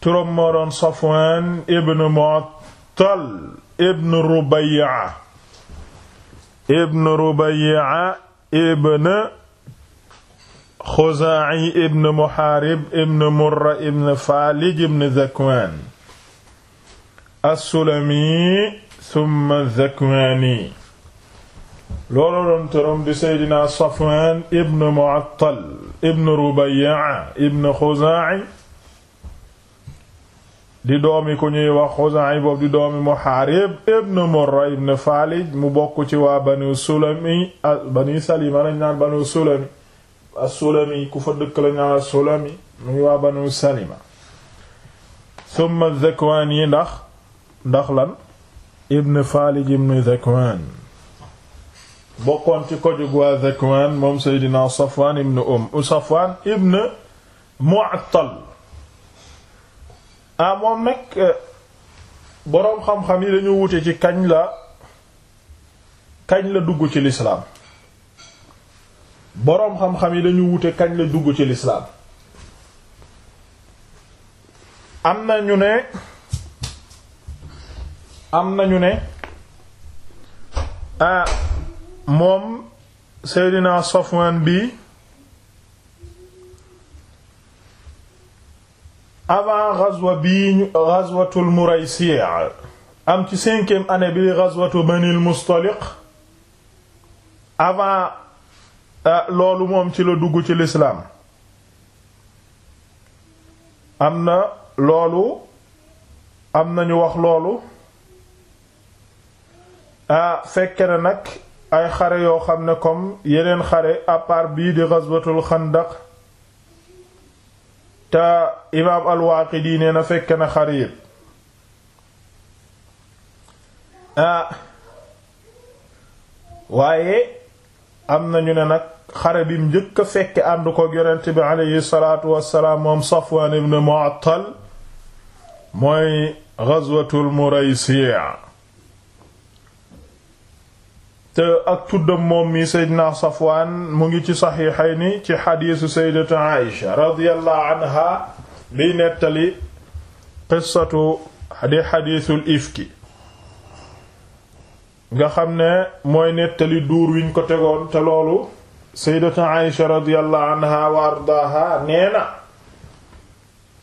turam moo doon Safwaan ibn Mu'attal ibn Rubay'a ibn Rubay'a ibn Xuzaa'i ibn Muhaarib ibn Murra ibn Faalij ibn Zakwaan as-Sulami summa Zakwaani loolu doon turam di Seydina Safwaan ibn Mu'attal ibn Rubay'a ibn Xuzaa'i di doomi ku ñuy wax Xuzay boobu di doomi Muhaarib ibn Murra ibn Faalij mu bokk ci waa Banu Sulami Banu Salima lañ naan Banu Sulami as-Sulami ku fa dëkk lañ naan as-Sulami mu waa Banu Salima summa Zakwaan yi ndax ndax lan ibn Faalij ibn Zakwaan bokkoon ci kojug waa Zakwaan moom Seydina Safwaan ibn um Safwaan ibn Mu'attal ah moom nag euh, boroom xam-xam yi dañu wute ci kañ la kañ la dugg ci lislaam boroom xam-xam yi dañu wute kañ la dugg ci lislaam am na ñu ne am na ñu ne ah moom Seydina Safwan bi avant ghazwa bii ñu ghazwatul Muraysi' am ci cinquième année bi ghazwatu Banil Mustaliq avant ah, loolu moom ci la dugg ci lislaam am na loolu am nañu wax loolu ah fekke na nag ay xare yoo xam ne comme yeneen xare à bii di ghazwatul Khandaq te imaam al-Waaqidi nee na fekk na Xariir ah waaye am nañu ne nag xare bi njëkk a fekke ànd ko yonent bi aleyhi salaatu wassalaam moom Safwaan ibn Mu'attal mooy ghazwatul Muraysi' te ak tuddam moom mi na Safwaan mu ngi ci saxiixayni ci xadiisu seydatu Aïsha radiyallahu anha biy nettali qissatu di xadiisul ifki nga xam ne mooy nettali duur wiñ ko tegoon te loolu seydatu Aïsha radiyallahu anha wa ardaaha nee na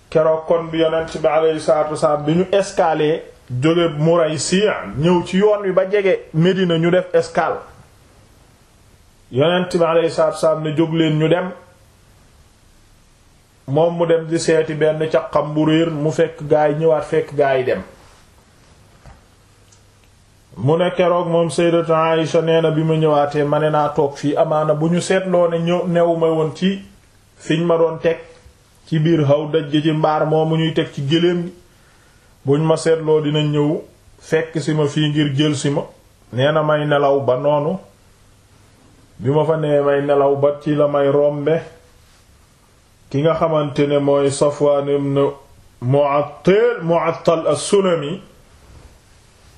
keroog kon bi yonent bi alayhi salaatu wasalaam bi ñu escale jóge Muraysi' ñëw ci yoon wi ba jege Medina ñu def escale yonent bi alayhi salaatu wassalaam ne jóg leen ñu dem moom mu dem di seeti benn caqam bu réer mu fekk gaay ñëwaat fekk gaay dem mu ne keroog moom sayyidatu Aïsha nee bi ma ñëwaatee ma ne naa toog fii amaana bu ñu seetloo ne ñëw newuma woon ci fiñ ma doon teg ci biir xaw daj gi ci mbaar moomu ñuy teg ci gëléem buñ ma seetloo dina ñëw fekk si ma fii ngir jël si ma nee na may nelaw ba noonu bi ma fa nee may nelaw ba ci la may rombe ki nga xamante ne mooy Safwaan ibn Mu'attal Mu'attal as-Sulami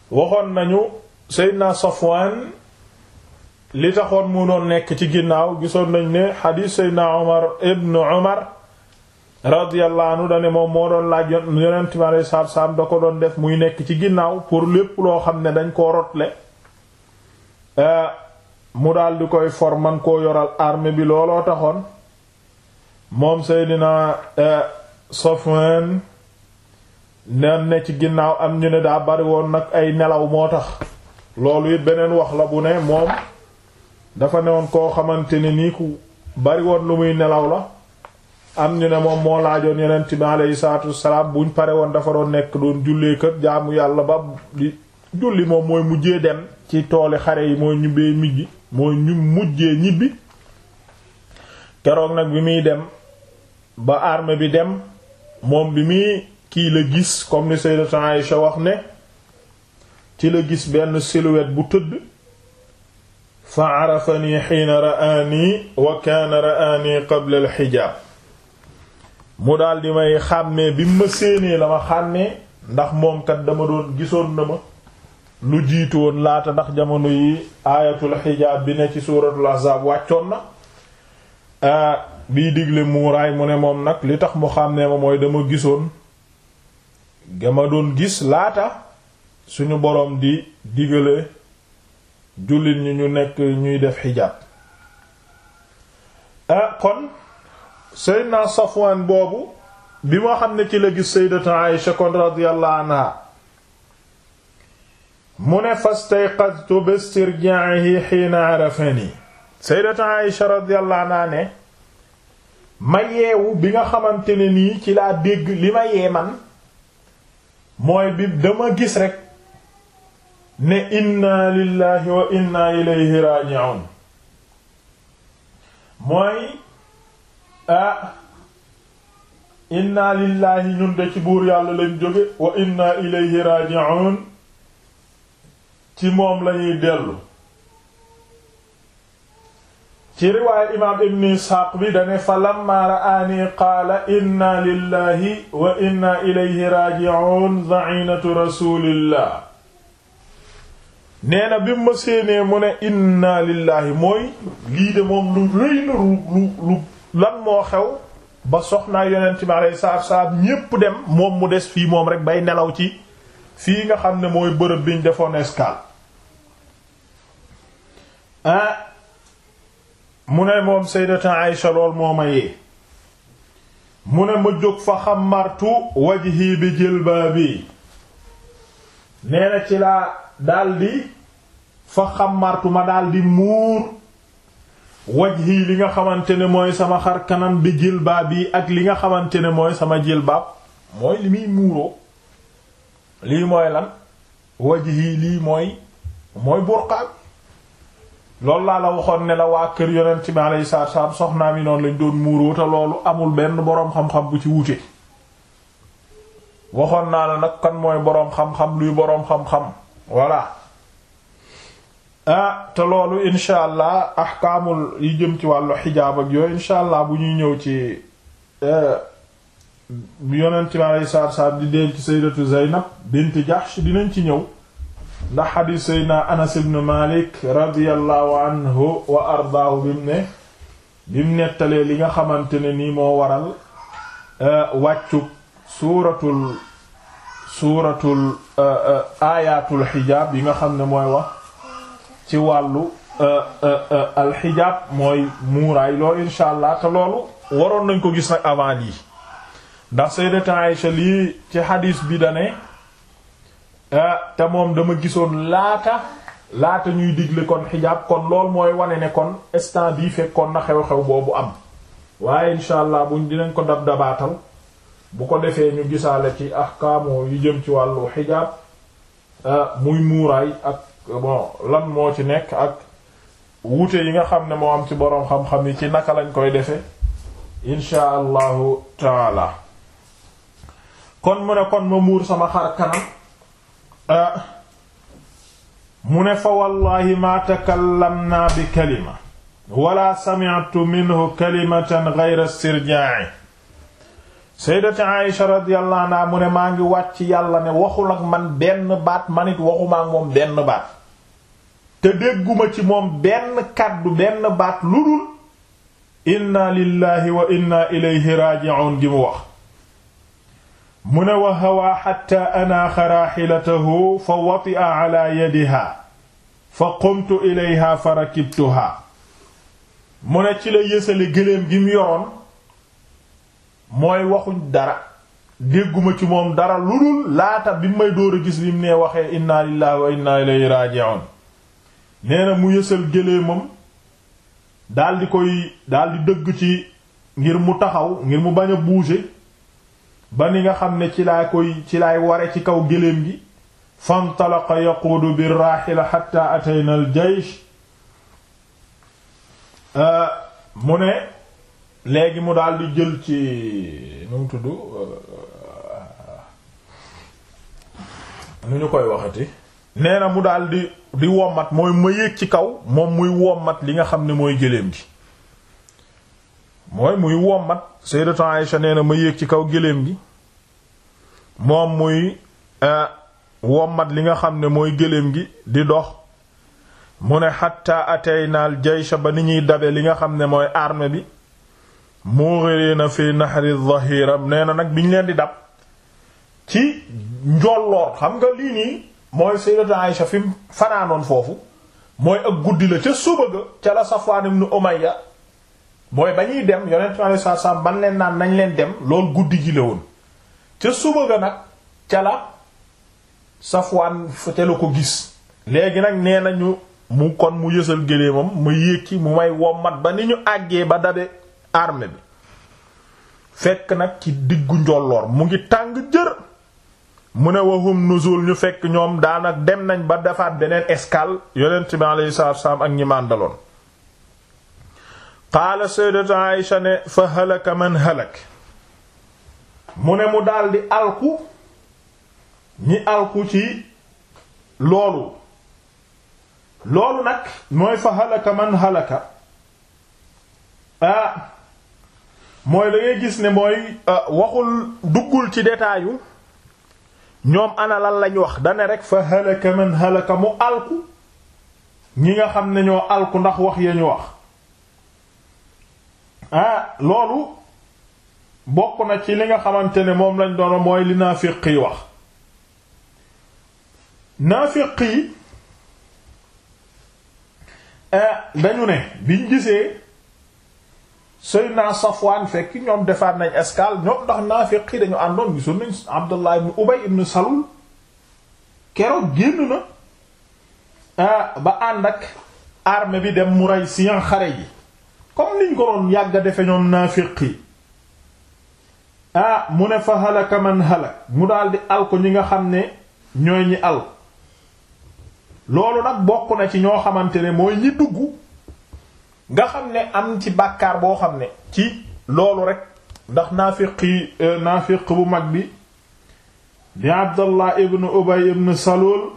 waxoon nañu Seydina Safwaan li taxoon mu doon nekk ci ginnaaw gisoon nañ ne xadiis Seydina Omar ibn Omar radiyallahu anhu dane moom moo doon laaj yonent bi alayhi salaatu salaam da ko doon def muy nekk ci ginnaaw pour lépp loo xam ne dañ koo rotle euh, mu daal di koy for man koo yoral armée bi looloo taxoon moom Seydina euh, Safwan nan ne ci ginnaaw am ñu ne daa bari woon nag ay nelaw moo tax loolu it beneen wax la bu ne moom dafa newoon koo xamante ni nii ku bari woon lu muy nelaw la am ñu ne moom moo laajoon yonent bi aleyhi salaatu wassalaam buñ pare woon dafa doon nekk doon jullee kër jaamu yàlla ba di julli moom mooy mujjee dem ci tooli xare yi mooy ñubbee mijj mooy ñu mujjee ñibbi keroog nag bi muy dem ba arme bi dem moom bi muy kii la gis comme ni Sayyidatu Aïcha wax ne ci la gis benn silhouette bu tëdd fa arafani xiina ra'ani wa kaana ra'ani qabla xijaab mu daal di may xàmmee bi ma séenee la ma xàmmee ndax moom kat dama doon gisoon na ma lu jiitu woon laata ndax jamono yi aayatul xijaab bi ne ci suuratul ahzaab wàccoon na ah, biy digle muuraay mu ne moom nag li tax mu xàmmee ma mooy dama gisoon dama doon gis laata suñu boroom di digale jullit ñi ñu nekk ñuy def xijaab ah kon Seydina Safwan boobu bi moo xam ne ci la gis Sayyidatu Aïsha kon radiyallahu anha mu ne fastayqadtu bi istirjaa'ihi hiina arafani Sayyidatu Aïsha radiyallahu anha ne ma yeewu bi nga xamante nii ci laa dégg li ma yee man mooy bi dama gis rek ne inna lillahi wa inna ilayhi raaji'uun mooy ah inna lillahi ñun de ci buur yàlla lañ jóge wa inna ilayhi raji'un ci moom lañuy dellu ci riwaaya imaam ibn isxaaq bi dane fa lamma ra'aani qaala inna lillahi wa inna ilayhi raji'un da'inatu rasulillah nee na bi ma séenee mu ne inna lillahi mooy lii de moom lu rëy lu lu lan moo xew ba soxnaa yonent bi alayhi salaatu salaam ñépp dem moom mu des fii moom rek bay nelaw ci fii nga xam ne mooy bërëb biñ defoon escale ah, mu ne moom sayyidata Aïsha lool moo ma yee mu ne ma jóg fa xamartu wajhi bi jilbaabi nee na ci laa daldi fa xamartu ma daldi muur wajhi li nga xamante ne mooy sama xar kanam bi jilbaab yi ak li nga xamante ne mooy sama jilbaab mooy li muy muuroo lii mooy lan wajhi lii mooy mooy burqaab loolu laa la waxoon ne la waa kër yonent bi alayhi salaatu salaam soxnaam yi noonu lañ doon muuroo te loolu amul benn boroom xam-xam bu ci wuute waxoon naa la nag kan mooy boroom xam-xam luy boroom xam-xam voilà Ah, te loolu incha allah ahkaamul yi jëm ci wàllu xijaab ak yooyu incha allah bu ñuy ñëw ci eh, yonent mi alayhi salaatu salaam di denc sayyidatu Zaynab bint Jahsh dinañ ci ñëw ndax xadiis sayyidina Anas ibn Malik radiyallahu anhu wa ardaahu bi mu ne bi li nga xamante ne nii moo waral eh, wàccu suuratul suuratul eh, aayatul xijaab yi nga xam ne mooy wax. ci wàllu euh, euh, euh, alxijaab mooy muuraay loolu insha allah te loolu waroon nañ ko gis nag avant yi ndax sayyidat Aisha lii ci xadiis bi dane te moom dama gisoon laata laata ñuy digle kon xijaab kon lool mooy wane ne kon instant bii fekkoon na xew-xew boobu am waaye insha allah buñ dinañ ko dab dabaatal bu ko defee ñu gisaale ci ahkaamu yu jëm ci wàllu xijaab muy muuraay ak bon lan moo ci nekk ak wuute yi nga xam ne moo am ci boroom xam-xam yi ci naka lañ koy defe insha allahu taala kon mu ne kon ma muur sama xar kanam ah, mu ne fa wallahi ma takallamna bi kalima wala sami'tu minhu kalimatan ghayra istirjaa'i sayyidati Aisha radiyallahu anha mu ne maa ngi wàcc yàlla ne waxul ak man benn baat manit waxuma ak moom benn baat te dégguma ci moom benn kàddu benn baat lu dul inna lillahi wa inna ilayhi raji'un gi mu wax mu ne wa hawaa xatta anaaxa raaxilatahu fa wati'a ala fa qumtu ilayha fa rakibtuha mu ne ci la yësale gëléem gi mu yoroon mooy waxuñ dara dégguma ci moom dara lu dul laata bi may dóor a gis lim ne waxee inna lillahi wa inna ilayhi raji'un nee na mu yësal géléemam daldi koy daldi dëgg ci ngir mu taxaw ngir mu bañ a bouger ba ni nga xam ne ci laa koy ci lay ware ci kaw géléem gi fantalaqa yaquudu bi raaxila xatta atayna al jaysh euh, mu ne léegi mu daldi jël ci nu mu tudd euh, nu ñu koy waxati nee na mu daal di di wommat mooy ma yéeg ci kaw moom muy wommat li nga xam ne mooy gëléem gi mooy muy wommat Sayyidatu Aïsha nee na ma yéeg ci kaw gëléem gi moom muy euh, wommat li nga xam ne mooy gëléem gi di dox mu ne xatta ataynaal jaysha ba ni ñuy dabe li nga xam ne mooy arme bi na fi nahri dhahira nee na nag bi ñu leen di dab ci njolloor xam nga lii nii mooy sayyidatu Aïsha fi fanaanoon foofu mooy ak guddi la ca suba ga ca la Safwaan ibn mooy ba dem yonent bi alayhi ban leen naan nañ leen dem loolu guddi ji la ca suba ga nag ca la Safwaan ko gis léegi nag nee nañu mu kon mu yësal géléemam ma yékki mu may wommat ba ni ñu àggee ba dabe arme bi fekk nag ci diggu njolloor mu ngi tàng jër mu ne wahum nuzul ñu fekk ñoom daanak dem nañ ba defaat beneen escale yonent bi alayhi salaatu wasalaam ak ñi màndaloon qaala sayyidatu a ne fa halaka man halak mu ne mu daldi alku ñi alku ci loolu loolu nag mooy fa halaka man halaka ah, mooy la gis ne mooy ah, waxul duggul ci detaayu ñoom ana lan lañ wax dane rek fa halaka man mu alku ñi nga xam ne ñoo alku ndax wax ya wax ah loolu bokk na ci li nga xamante ne moom lañ doon mooy li naafiq yi wax naafiq yi eh, dañu ne biñ gisee Seydina Safwaan fekk ñoom defaat nañ escale ñoom ndax naafiq yi dañu àndoon gisoon nañ Abdullah ibn Ubay ibn Salul keroog génn na ah, ba ànd ak armée bi dem Muraysiyan xare ji comme niñ ko doon yàgg a defe ñoom naafiq yi ah mu ne fa halaka man halak mu daldi alko ñi nga xam ne ñooy ñi al loolu nag bokk na ci ñoo xamante ne mooy ñi dugg nga xam ne am ci bàkkaar boo xam ne ci loolu rek ndax naafiqi euh, naafiq bu mag bi di Abdallah ibn Ubay ibn Salul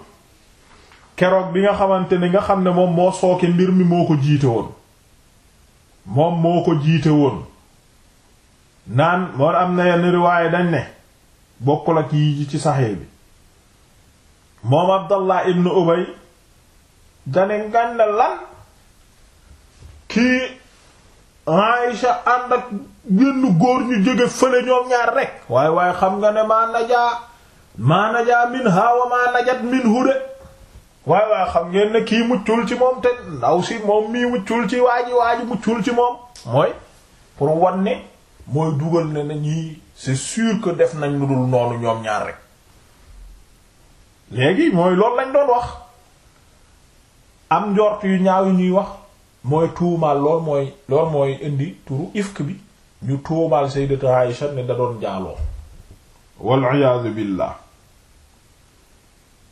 keroog bi nga xamante ni nga xam ne moom moo sooke mbir mi moo ko jiite woon moom moo ko jiite woon naan moo am na yenn riwaaye dañ ne bokkul ak yi ci saxee bi moom Abdallah ibn Ubay dane ngan lan kii Aïcha ànd ak génn góor ñu jóge fële ñoom ñaar rek waaye waaye xam nga ne maa najaa maa najaa min haawa maa najat min hude waaye waaye xam ngeen ne kii muccul ci moom te ndaw si moom mii muccul ci waa ji muccul ci moom mooy pour wan ne mooy dugal ne na ñii c'est sûr que def nañ lu dul noonu ñoom ñaar rek léegi mooy loolu lañ doon wax am njort yu ñaaw yu ñuy wax mooy tuumaal lool mooy lool mooy indi turu ifk bi ñu tuumaal sayyidatu Aïsha ne da doon jaaloo wal iyaadu billah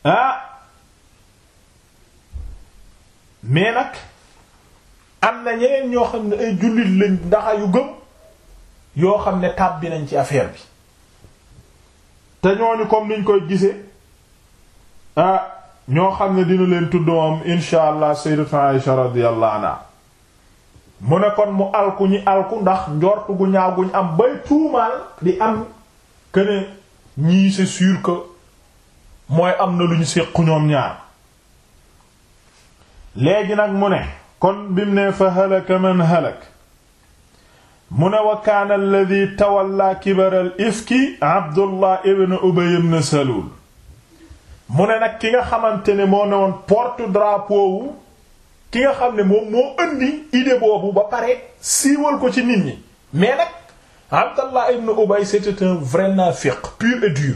ah mais nag am na ñeneen ñoo xam ne ay jullit lañ ndaxa yu gëm yoo xam ne bi nañ ci affaire bi te ñooñu comme niñ koy gisee ah, ñoo xam ne dina leen tudd moom insha allah sayyidatuna Aisha radiyallahu anha mu ne kon mu alku ñi alku ndax njortu gu ñaaw guñ am bay tuumaal di am que ne ñii c'est mooy am na lu ñu ñoom ñaar léegi nag mu ne kon bim fa halaka man halak mu ne wa kaana alladhi tawalla kibara al ifki Abdullah ibn Ubay ibn Salul mu ne nag ki nga xamante ne moo ne woon porte drapeau ki nga xam ne moom moo indi idée boobu ba pare siiwal ko ci nit ñi mais nag Abdallah ibn Ubay c'était un vrai nafiq pur et dur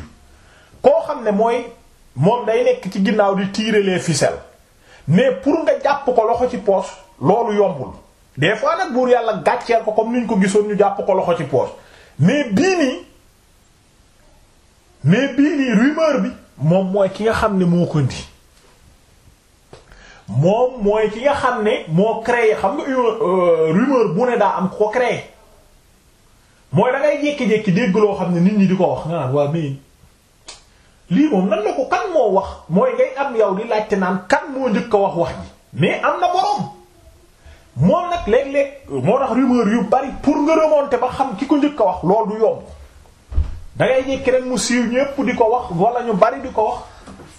koo xam ne mooy moom day nekk ci ginnaaw di tirer les ficelles mais pour nga jàpp ko loxo ci poche loolu yombul des fois nag buur yàlla gàcceel ko comme ni ñu ko gisoon ñu jàpp ko loxo ci poche mais bii nii mais bii nii rumeur bi moom mooy ki nga xam ne moo ko indi moom mooy ki nga xam ne moo créé xam nga euh, rumeur bu ne daa am ko créé mooy da ngay jékki-jékki dégg loo xam ne nit ñi di ko wax nga naan waa mais lii moom nan la ko kan moo wax mooy ngay am yow di laajte naan kan moo njëkk a wax wax ji mais am na boroom moom nag léeg-léeg moo tax rumeur yu bari pour nga remonter ba xam ki ko njëkk a wax loolu du yomb. da ngay jékki mu siiw ñépp di ko wax wala ñu bari di ko wax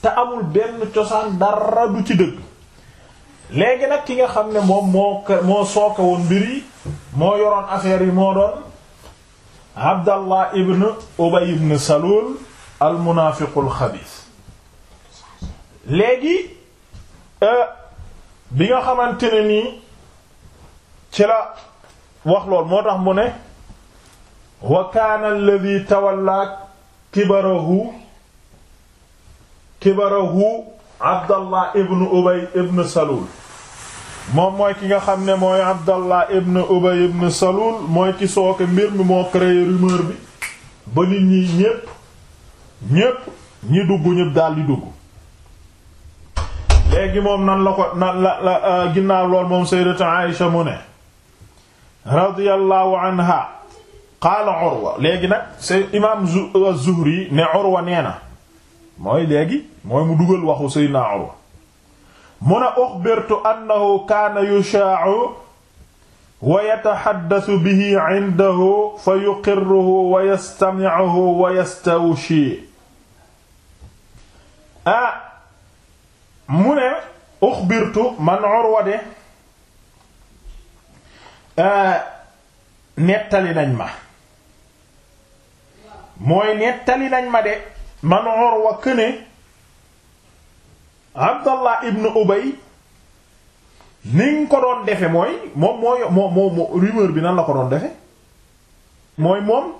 te amul benn cosaan dara du ci dëgg léegi nag ki nga xam ne moom moo moo sooke woon mbir yi moo yoroon affaire yi moo doon Abdallah ibn Ubay ibn Salul al xabiis léegi euh, bi nga xamante ne nii ci la wax lool moo tax mu ne wa kaana alladhi tawalla kibarahu kibarahu abdallah ibn ubay ibn salul moom mooy ki nga xam ne mooy abdallah ibn ubay ibn salul mooy ki sooke mbir mi moo créé rumeur bi ba nit ñi ñépp ñépp ñi dugg ñépp daldi dugg léegi moom nan la ko la la euh, ginnaaw lool moom sayyidatu aisha mu ne radiyallahu anha qaala Urwa léegi nag c'est imam euh, Zuhri ne Urwa nee na mooy léegi mooy mu dugal waxu Seydina Urwa mu ne uxbirtu annahu kaana yushaa'u wa yatahaddasu bihi 'indahu fa yuqirruhu wa yastami'uhu wa yastawshi ah mu ne uxbirtu man Urwa de euh, nettali nañ ma mooy nettali nañ ma de man Urwa këne Abdallah ibn Ubay niñ ko doon defe mooy moom mooy moo moo moo rumeur bi nan la ko doon defe mooy moom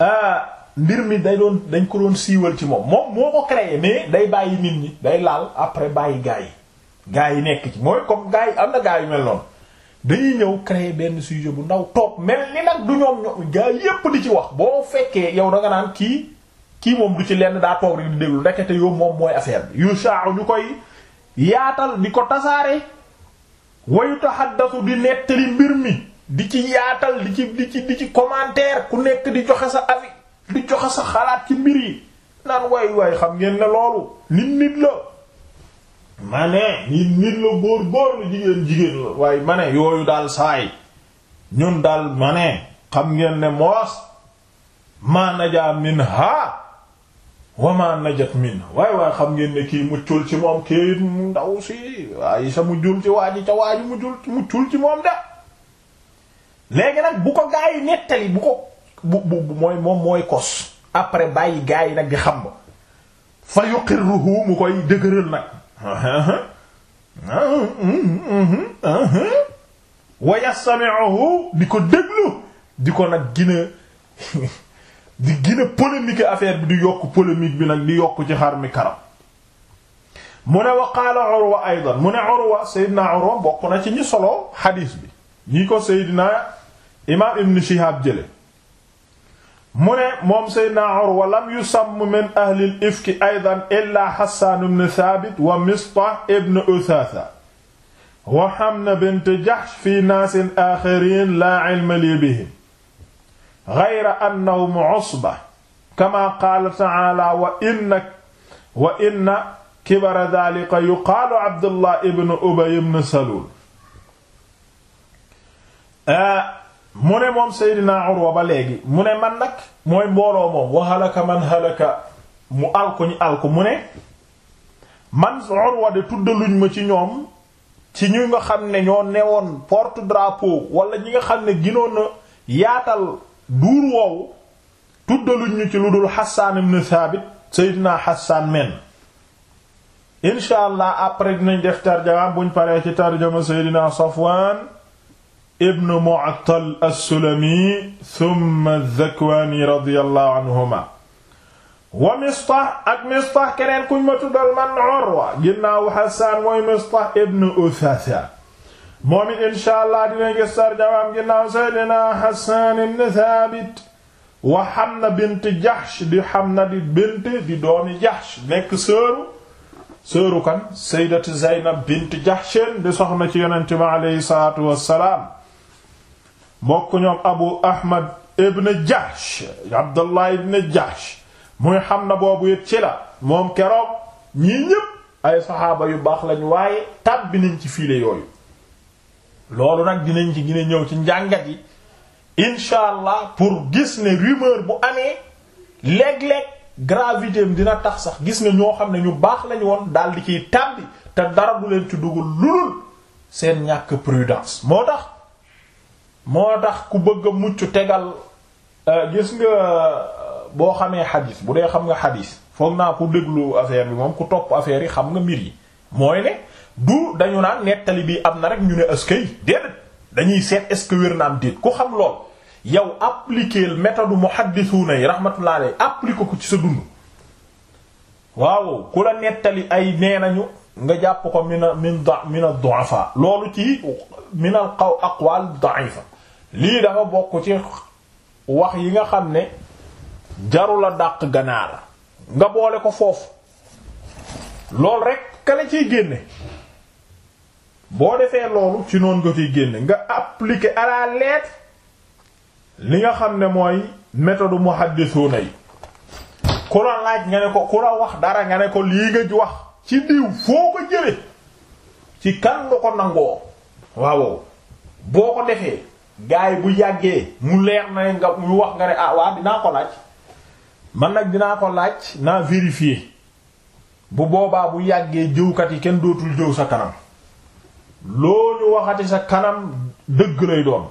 euh, mbir mi day doon dañ ko doon siiwal ci moom moom moo ko créé mais day bàyyi nit ñi day laal après bàyyi gaa yi gaa yi nekk ci mooy comme gaa am na gaa yu mel noonu dañuy ñëw créer benn sujet bu ndaw toog mel ni nag du ñoom ñoom gaa yépp di ci wax boo fekkee yow da naan kii kii moom du ci lenn daa toog rek di déglu ndekete yow moom mooy affaire yu shaaru ñu koy yaatal di ko tasaare wayu taxaddasu di nettali mbir mi di ci yaatal di ci di ci di ci commentaire ku nekk di joxe sa avis di joxe sa xalaat ci mbir yi naan waay waay xam ngeen ne loolu nit nit la ma ne nit nit la góor góor la jigéen jigéen la waaye ma yooyu daal saay ñun daal ma xam ngeen ne moos maa najaa min ha wa maa najat min waaye waaye xam ngeen ne kii muccul ci moom kii ndaw si waaye sa mujjul ci waaji ca waaji mujjul muccul ci moom da léegi nag bu ko gaa nettali bu ko bu bu mooy moom mooy kos après bàyyi gaa yi nag di xam ba fa yuqirruhu mu koy dëgëral nag wa yastami'uhu ko déglu di ko nag gina di gina polémique affaire bi di yokk polémique bi nag di yokk ci xar mi karam mu ne wa qaala aydan mu ne Urwa Seydina Urwa bokk na ci ñi solo xadiis bi ñi ko Seydina imaam Ibn Shihab jële mu ne moom Seydina Urwa lam yusamm min ahlil ifki aydan illa Hassan ibn Thabit wa Mistah ibn Uthatha wa Hamna bint Jahsh fi naasin aaxariin laa ilma lii bihim ghayra annahum usba kamaa qaala ta'aalaa wa inna wa inna kibara dhaalika yuqaalu Abdullah ibn Ubay ibn Salul. mu ne moom Seydina Urwa ba léegi mu ne man nag mooy mbooloo moom wa man halaka mu alku ñu alku mu ne man Urwa de tuddaluñ ma ci ñoom ci ñu nga xam ne ñoo newoon porte drapeau wala ñi nga xam ne ginoon na yaatal duur woowu tuddaluñ mu ci lu dul Hassan ibn Thabit Seydina Hassan men incha allah après dinañ def tarjama buñ paree ci tarjama Seydina Safwan ibnu Mu'attal as-Sulami thumma az-Zakwani radiyallahu anhuma wa Mistah ak Mistah keneen kuñ ma tuddal man Urwa ginnaaw Hassan mooy Mistah ibnu Uthatha moom it insha Allah dina gis tarjamaam ginnaaw Seydina Hassan ibn Thabit wa Hamna bint Jahsh di Hamna di bint di doomi Jahsh nekk sëru sëru kan Sayyidatu Zaynab bint Jahsh di soxna ci Yonent bi alayhi salaatu wassalaam bokk ñoom abu ahmad ibn jahsh abdullah ibn jahsh muy xam na boobu it ci la moom keroog ñii ñépp ay saxaaba yu baax lañ waaye tàbbi nañ ci fiile yooyu loolu nag dinañ ci gine ñëw ci njàngat yi incha allah pour gis ne rumeur bu amee léeg-léeg gravité dina tax sax gis nga ñoo xam ne ñu baax lañ woon daal di ciy tàbbi te dara du leen ci dugul lulul seen ñàkk prudence moo tax moo tax ku bëgg a mucc tegal euh, gis nga euh, boo xamee xadis bu dee xam nga xadis foog naa ku déglu affaire bi moom ku topp affaire yi xam nga mbir yi mooy ne du dañu naan nettali bi am na rek ñu ne askay déedéet dañuy seet est-ce que wér na am déet ku xam lool yow appliquer méthode muhaddisuuna yi rahmatullah alayhi appliquer ko ci sa dund waaw ku la nettali ay nee nañu nga jàpp ko min min min ad-du'afa loolu ci min al aqwal da'ifa lii dafa bokk ci wax yi nga xam ne jarula a dàq ganaar nga boole ko foofu loolu rek ka la ciy génne boo defee loolu ci noonu nga ciy génne nga appliquer à la li nga xam ne mooy méthode muhaddisuna yi ku la laaj nga ne ko ku la wax dara nga ne ko lii nga wax ci diw foo ko jële ci kan ko nangoo waaw boo ko defee gaay bu yàggee mu leer na nga mu wax nga ne ah waa dinaa ko laaj man nag dinaa ko laaj na vérifier bu boobaa bu yàggee jëwkat yi kenn dootul jëw sa kanam loolu waxati sa kanam dëgg lay doon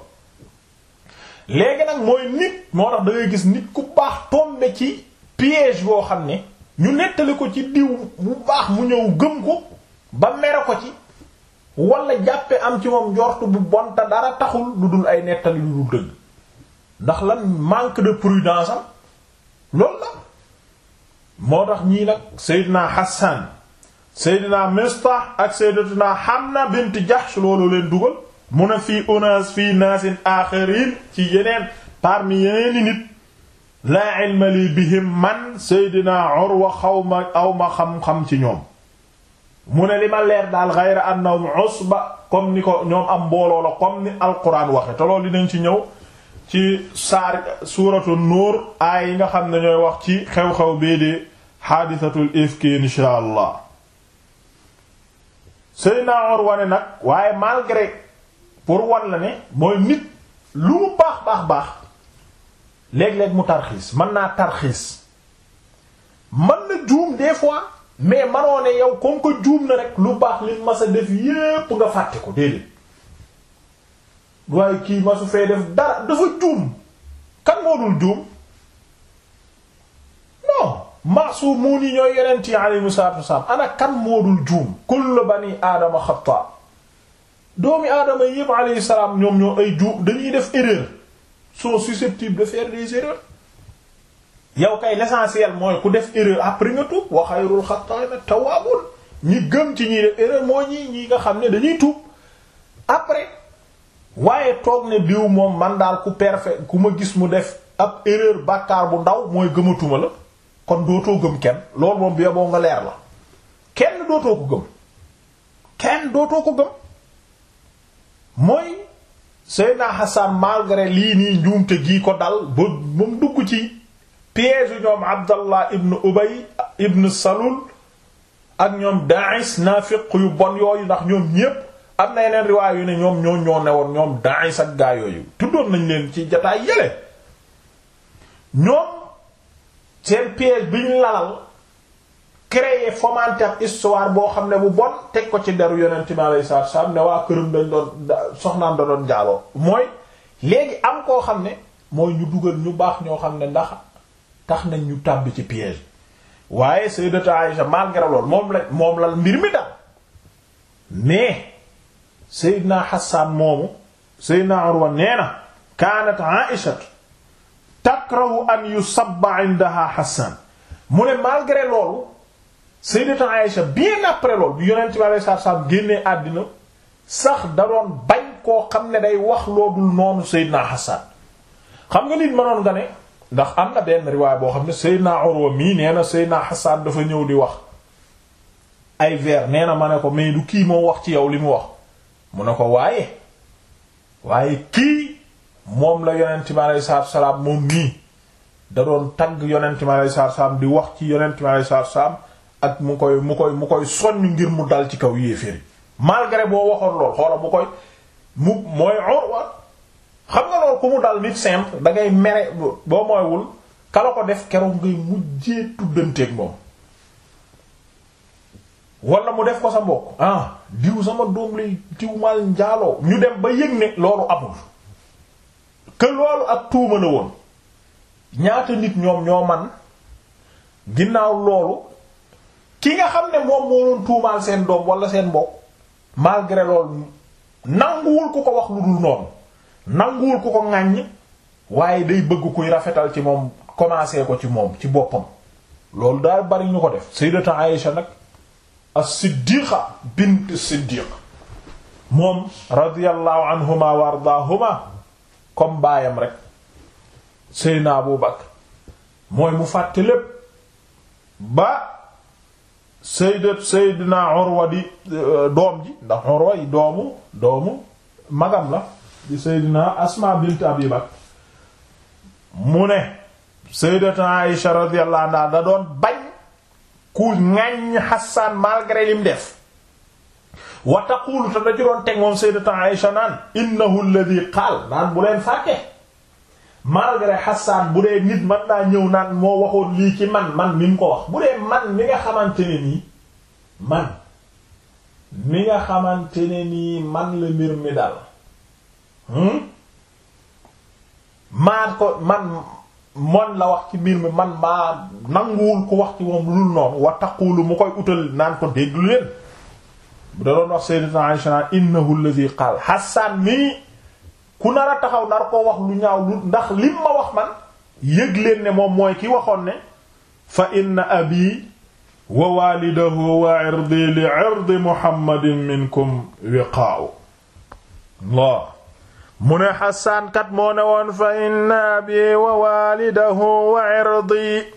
léegi nag mooy nit moo tax da gis nit ku baax tombé ci piège boo xam ne ñu nettali ko ci diw bu baax mu ñëw gëm ko ba mere ko ci wala jàppe am ci moom njort bu bonta dara taxul lu dul ay nettali lu dul dëgg ndax lan manque de prudence am loolu la moo tax ñii nag Seydina Hassan Seydina Mistah ak Seydatuna Hamna bint Jahsh loolu leen dugal mu ne fii unas fii naasin aaxarin ci yeneen parmi yeneeni nit laa ilma bihim man Seydina Urwa xaw ma xam-xam ci ñoom mu ne li ma leer daal ghayra annahum usba comme ni ko ñoom am mbooloo la comme ni alquran waxe te loolu dinañ ci ñëw ci saar suuratu nuur aay yi nga xam ne ñooy wax ci xew-xew bii di xaadisatul ifki insha allah Seydina Urwa nag waaye malgré pour wan la ne mooy nit lu mu baax baax baax léeg-léeg mu tarxiis mën naa tarxiis mën na juum des fois mais manoo ne yow comme que juum na rek lu baax li mas a def yépp nga fàtte ko déedéet waaye kii masu fee def da dafa juum kan moo dul juum non maasuumuun yi ñooy yonent yi alayhimu sa wasalaam ana kan moo dul juum kullu bani aadama xataa doomi aadama yépp alayhi salaam ñoom ñoo ay juum dañuy def erreur sont susceptibles de faire des erreurs yow kay l'essentiel mooy ku def erreur après nga tuub wa xayrul xattaa'ina tawwaabun ñi gëm ci ñi def erreur moo ñi ñi nga xam ne dañuy tuub après waaye toog ne diw moom man daal ku perfect ku ma gis mu def ab erreur bàkkaar bu ndaw mooy gëmatuma la kon dootoo gëm kenn loolu nga leer la kenn dootoo ko gëm kenn dootoo ko gëm mooy Seydina Hassan malgré lii nii njuumte gii ko dal ba mu dugg ci piège ñoom Abdallah ibn Ubay ibn Salul ak ñoom Daïs naafiq yu bon yooyu ndax ñoom ñépp am na yeneen riwaay yu ne ñoom ñoo ñoo ne woon ñoom Daïs ak gaa yooyu tuddoon nañ leen ci jataay yële ñoom seen piège bi ñu lalal créer fomenter ak histoire boo xam ne bu bon teg ko ci deru yonent mi alayhi salaatu salaam ne waa këram dañ doon soxnaam da doon jaaloo mooy léegi am koo xam ne mooy ñu dugal ñu baax ñoo xam ne ndax tax nañ ñu tàbb ci piège waaye sayyidatu Aïsha malgré lool moom la moom lal mbir mi dal mais sayyidna Hassan moomu sayyidna Urwa nee na kaanat Aïsha an yusabba indaha Hassan mu ne malgré loolu sayyidatu Aïsha bien après loolu bi yonent bi alayhi salaatu salaam génnee àddina sax da doon bañ koo xam ne day wax loolu noonu sayyidna Hassan xam nga nit mënoon nga ne ndax am na benn riwaay boo xam ne Seydina Urwa mii nee na naa Hassan dafa ñëw di wax ay vers nee na ma ne ko mais du kii moo wax ci yow li mu wax mu ne ko waaye waaye kii moom la yonent mi alayhi salaatu salaam moom nii da doon tagg yonent mi alayhi salaatu di wax ci yonent mi alayhi salaatu ak mu koy mu koy mu koy soññ ngir mu dal ci kaw yéeféri malgré boo waxoon lool xoola mu koy mu mooy Urwa xam nga loolu ku mu dal nit simple dangay ngay mere boo mooywul kala ko def keroog ngay mujjee tuddanteeg moom wala mu def ko sa mbokk ah diw sama doom lay diw mal njaaloo ñu dem ba yëg ne loolu amul que loolu ak tuuma la woon ñaata nit ñoom ñoo man ginnaaw loolu ki nga xam ne moom moo doon tuumaal seen doom wala seen mbokk malgré loolu nanguwul ku ko wax lu dul noonu nanguwul ku ko ŋàññ waaye day bëgg kuy rafetal ci moom commencé ko ci moom ci boppam loolu daal bari ñu ko def sayyidatu Aïsha nag as-Siddiqa bint Siddiq moom radiyallahu anhuma wa ardaahuma comme baayam rek Seydina Abu Bakr mooy mu fàtte lépp ba sayyidat Seydina Urwa di euh, doom ji ndax Urwa yi doomu doomu magam la di sayyidina asma bint abi mu ne sayyidatuna aisha radiyallahu anha da doon bañ ku ŋàññ Hassan malgré lim def wa taqulu te da ci doon teg moom sayyidatuna aisha naan innahu alladhi qaal naan bu leen fàtte malgré Hassan bu dee nit man naa ñëw naan moo waxoon lii ci man man mi ko wax bu dee man mi nga xamante ne nii man mi nga xamante ne nii man la mbir mi dal Hmm? maa ko man mon la wax ci mbir mi man maa nanguwul ko wax ci moom lu dul noonu wa taqulu mu koy utal naan ko déglu leen bu da doon wax sayyidina Aisha innahu alladhi ku nar a taxaw nar koo wax lu ñaaw lu ndax lim ma wax man yëg leen ne moom mooy ki waxoon ne fa inna abi wa walidahu wa irdi li irdi Muhammadin minkum wiqaa'u Allah mu ne xasaan kat moo ne woon fa inna abi wa waalidahu wa irdi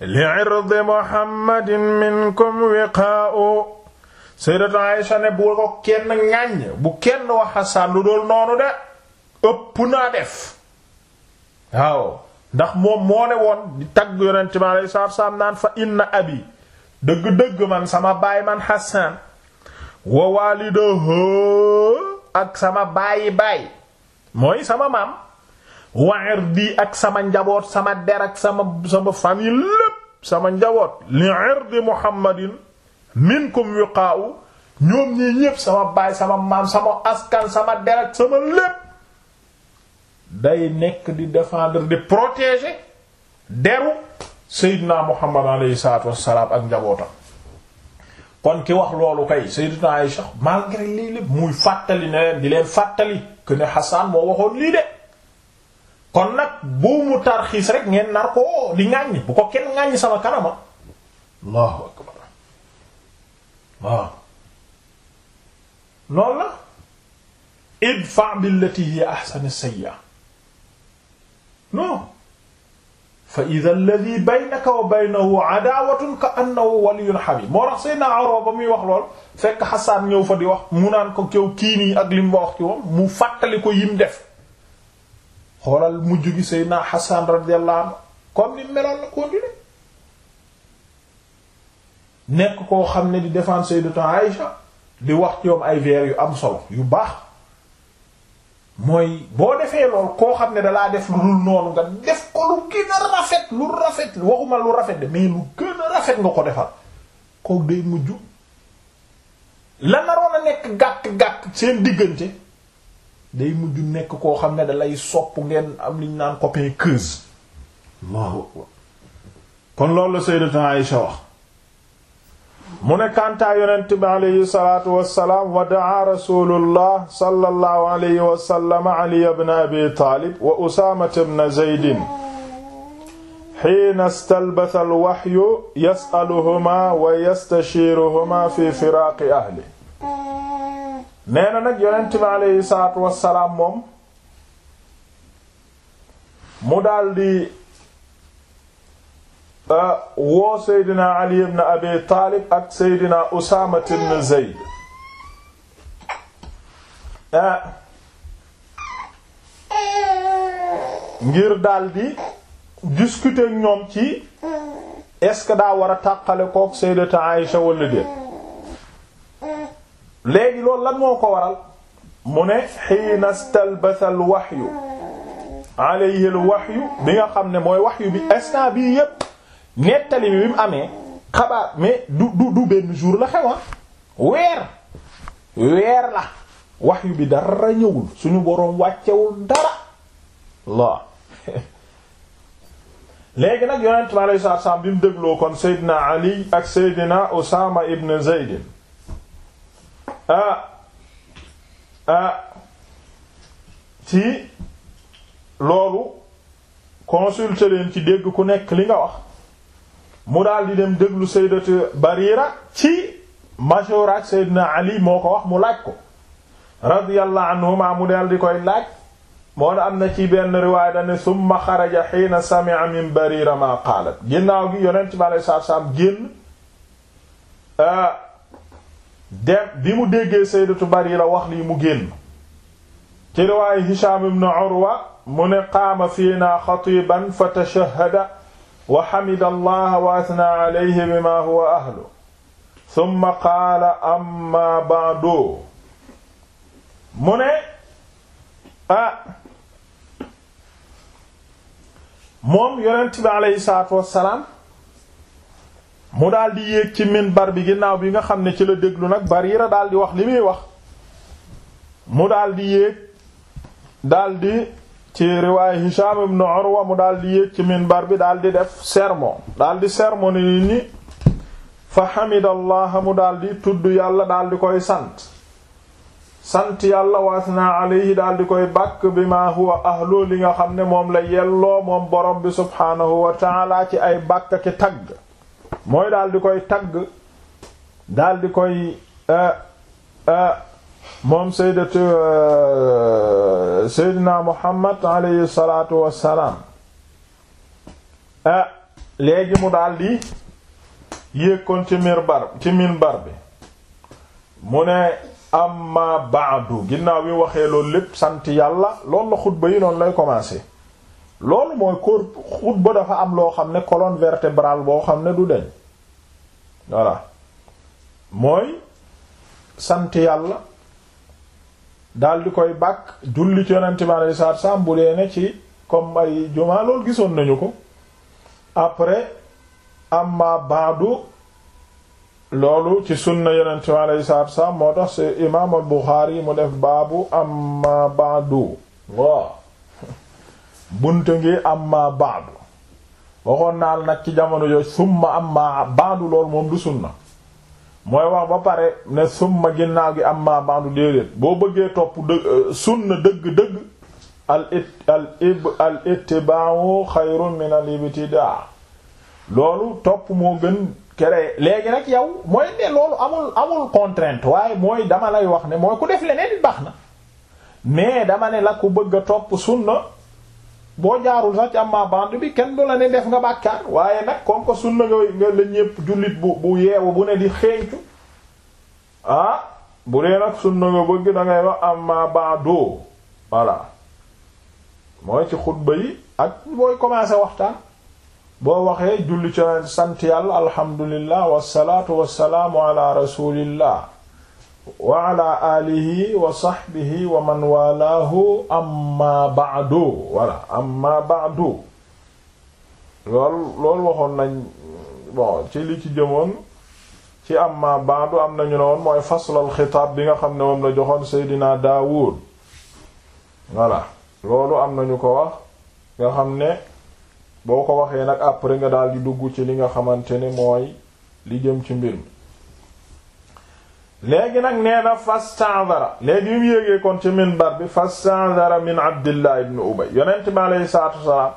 li irdi muhammadin minkum wiqaa'u sayyidat Aisha ne bu ko kenn ŋàññ bu kenn wax xasaan lu dool noonu de ëpp naa def waaw ndax moom moo ne woon di tagg yonent mi alayhi salaatu salaam naan fa inna abi dëgg-dëgg man sama baay man xasaan wa waalidahu ak sama baay baay mooy sama maam wa irdi ak sama njaboot sama der ak sama sama famille lépp sama njaboot li irdi muhammadin minkum wiqaa'u ñoom ñi ñépp sama baay sama maam sama askan sama der ak sama lépp day nekk di défendre di protéger deru seydina muhammad alayhi salaatu wassalaam ak njabootam kon ki wax loolu kay Sayyidatuna Aïsha malgré lii lépp muy fàttali ne leen di leen fàttali que ne moo waxoon lii de kon nag bu mu tarxiis rek ngeen nar ko di ŋàññ bu ko kenn ŋàññ sama kanama Allahu akbar waaw loolu la idfa billati hiya ahsanu sayyi'a non fa idha alladhi baynaka wa baynahu adaawatun ka annahu waliyyun hamim moo tax Seydina Urwa ba muy wax lool fekk Hassan ñëw fa di wax mu naan ko kew kii nii ak lim ba wax ci moom mu fàttali ko yim def xoolal mujj gi Seydina Hassan radiyallahu anhu comme ni meloon la continuer nekk koo xam ne di défendre Sayyidatu Aïcha di wax ci moom ay vers yu am solo yu baax mooy boo defee lool koo xam ne dalaa def lu dul noonu nga def ko lu gën a rafet lu rafet waxuma lu rafet de mais lu gën a rafet nga ko defal kooku day mujj la naroon a nekk gàkk-gàkk seen diggante day mujj nekk koo xam ne dalay sopp ngeen am liñ naan copain keuse Allahu akbar kon loolu la Sayyidatu Aïsha wax mu ne kantaa yonent bi alayhi salaatu wassalaam wa daa rasulullah sallallahu alayhi wa sallam ali ibn abi taalib wa usaama ibn zaydin xiina stalbata alwaxyu yasaluhuma wa yastashiiruhuma fi firaaqi ahli nee na nag yonent bi alayhi salaatu wassalaam moom mu daldi Ah, woo Seydina Ali ibn Abi Taalib ak Seydina Usaama ibn Zayd ah, ngir daldi discuter ñoom ci est-ce que daa war a tàqale kook Sayyidatu Aïsha walla déet léegi lool lan moo ko waral mu ne xiina stalbasa al waxyu alayhi waxyu bi nga xam ne mooy waxyu bi instant bii yépp nettali bi mu amee xabaar mais du du benn jour la xewa ah. weer weer la wax yu bi dara ñëwul suñu boroom wàccewul dara la léegi nag yonent bi alayhi salaatu salaam dégloo kon Seydina Ali ak Seydina Usaama ibn Zayd ah. Ah. ci loolu consulter leen ci dégg ku nekk li nga wax mu daal di dem déglu sayyidatu Barira ci mashura ak sayyidina Ali moo ko wax mu laaj ko radiyallahu anhuma mu daal di koy laaj moo am na ci benn riwaaya dane summa xaraja xiina sami'a min Barira ma qaalat ginnaaw gi yonent bi alei génn euh, dem bi mu déggee sayyidatu Barira wax lii mu génn ci riwaaya Hisham ibn Urwa mu ne qaama fiina xatiban fa tashahhada wa xamida allaha wa asna alayhi bima huwa ahlu summa qaala amma ba'du mu ne ah moom yonent bi aleyhi salaatu wassalaam mu daal di yéeg ci minbar bi ginnaaw bi nga xam ne ci la déglu nag Bariira daal di wax li muy wax mu daal di yéeg daal di ci riwaay Hisham ibn mu daal di yéeg ci minbar bi daal di def sermo daldi sermo sermon yi ni fa xamidallaha mu daal di tudd yàlla daal di koy sant sant yàlla wasna alayhi daal di koy bàkk bi ma huwa ahlu li nga xam ne moom la yelloo moom borom bi subhaanahu wa taala ci ay bàkk ki tagg mooy daal di koy tagg daal di koy eh, eh, moom sayyidatu euh, sayyidina Muhammad alayhi salaatu wassalaam ah léegi mu daldi yékkoon ci minbar ci minbar bi mu ne ma ba'du ginnaaw bi waxee loolu lépp sant yàlla loolu la xutba yi noonu lay commencer loolu mooy kóor xutba dafa am loo xam ne colonne vertébrale boo xam ne du deñ voilà mooy sant yàlla daal di koy bàkk julli ci yonente bi alayhi salaatu bu dee ne ci comme ay jumaa loolu gisoon nañu ko après amma baadu loolu ci sunna yonente bi alayhi salaatu salaam moo tax c'est imaam al mu def baabu amma baadu waaw buntu ngi amma baadu waxoon naal nag ci jamono yooyu summa amma baadu loolu moom du sunna mooy wax ba pare ne summa ginnaaw gi am ma bandu déedéet boo bëggee topp dë euh, sunna dëgg-dëgg al it al ib al ittiba'u xayrun min al loolu topp moo gën kere léegi nag yow mooy ne loolu amul amul contrainte waaye mooy dama lay wax ne mooy ku def leneen it baax na mais dama ne la ku bëgg topp sunna boo jaarul sax ci amma bande bi kenn du la ne def nga bàkkaar waaye nag comme que sunna nga nga la jullit bu bu yeewu bu ne di xeeñtu ah bu dee nag sunna nga bëgg da ngay wax amma ba'du voilà mooy ci xutba yi ak booy commencer waxtaan boo waxee julli ci sant yàlla alhamdulillah wasalaatu wasalaamu ala rasulillah wa ala alihi wa sahbihi wa man walaahu amma ba'du wala amma ba'du loolu loolu waxoon nañ bon ci li ci jëmoon ci amma ba'du am nañu ne woon mooy faslal xitaab bi nga xam ne moom la joxoon Seydina Daawud voilà loolu am nañu ko wax nga xam ne boo ko waxee nag après nga daal di dugg ci li nga xamante ne mooy li jëm ci mbir mi léegi nag nee na fastandara léegi mu yéegee kon ci minbar bi fastandara min abdillah ibn ubay yonent bi aleyhi salaatu wasalaam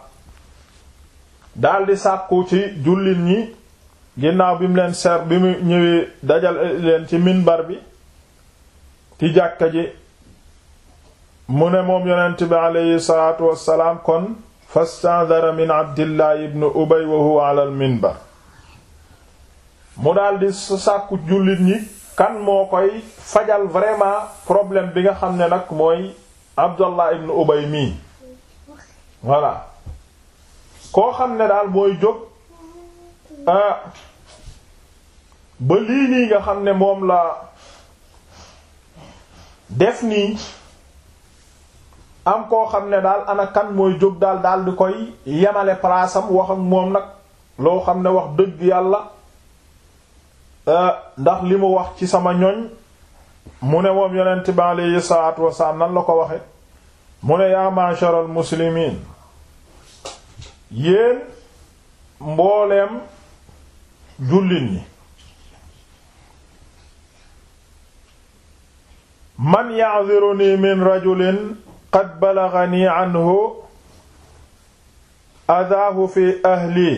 daldi sàkku ci jullit ñi ginnaaw bi mu leen seer bi mu ñëwee dajal leen ci minbar bi ci jàkka ji mu ne moom yonent bi aleyhi salaatu wasalaam kon fastandara min abdillah ibn ubay wa huwa minbar mu daldi sàkku jullit ñi kan moo koy fajal vraiment problème bi nga xam ne nag mooy Abdallah ibn Ubay mii voilà koo xam ne daal mooy jóg euh, ba lii nii nga xam ne moom la def nii am koo xam ne daal ana kan mooy jóg daal daal di koy yemale palaasam wax moom nag loo xam ne wax dëgg yàlla Eh, ndax li mu wax ci sama ñoñ mu ne moom yonent bi aleyhi salaatu wasalaam la ko waxe mu ne yaa ma'sharal muslimiin yéen mbooleem jullit ñi man ya'ziruni min rajulin qad balaghani anhu adaahu fi ahli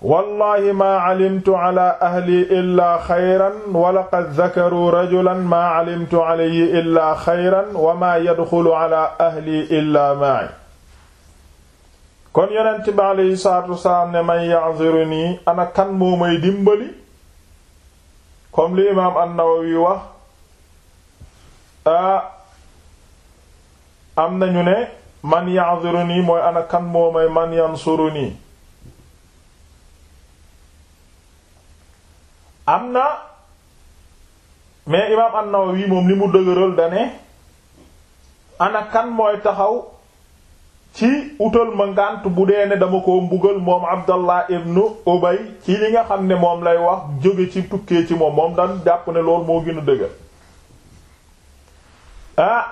wallahi ma calimtu ala ahli illaa xayran walaqad dakaruu rajulan ma calimtu alayhi illaa xayran wa ma yadxulu ala ahli illaa maci kon yonent bi aleyhi salaatu wasalaam ne man yacdiru nii ana kan moo may dimbali comme li imaam annawawi wax a am nañu ne man yacdiru nii mooy ana kan moo may man yansuru nii am na mais imaam an-Nawawi moom li mu dëgëral dane anakan kan mooy taxaw ci utal ma ngànt bu dee ne dama ko mbugal moom Abdallah ibnu Ubay ci li nga xam ne moom lay wax jóge ci tukkee ci moom moom dan jàpp ne loolu moo gën a dëgër ah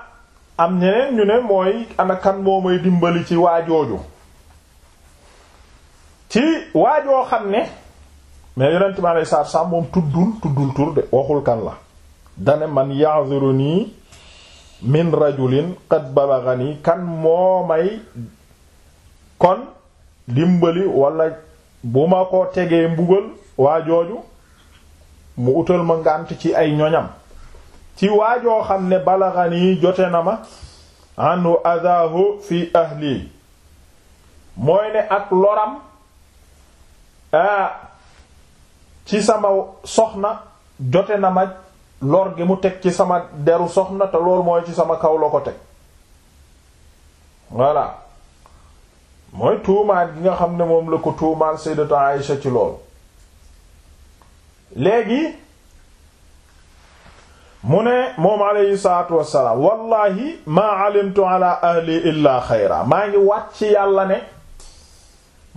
am ñeneen ñu ne mooy ana kan dimbali ci waajooju ci waajoo xam ne mais yonent ma lay saar sa moom tuddul tuddul tur de waxul kan la dane man ya'zuruni min rajulin qad balaghani kan moo may kon dimbali wala bu ma ko tegee mbugal waa jooju mu utal ma ngànt ci ay ñoñam ci waajoo xam ne balaghani jote na ma anu adahu fi ahli mooy ne ak loram ah ci sama soxna jote na ma lor gi mu teg ci sama deru soxna te lool mooy ci sama kaw la ko teg voilà mooy tuumaal gi nga xam ne moom la ko tuumaal sayyidatu Aïsha ci loolu léegi mu ne moom aleyhi salaatu wassalaam wallahi ma alimtu ala ahli illaa xayra maa ngi wàcc yàlla ne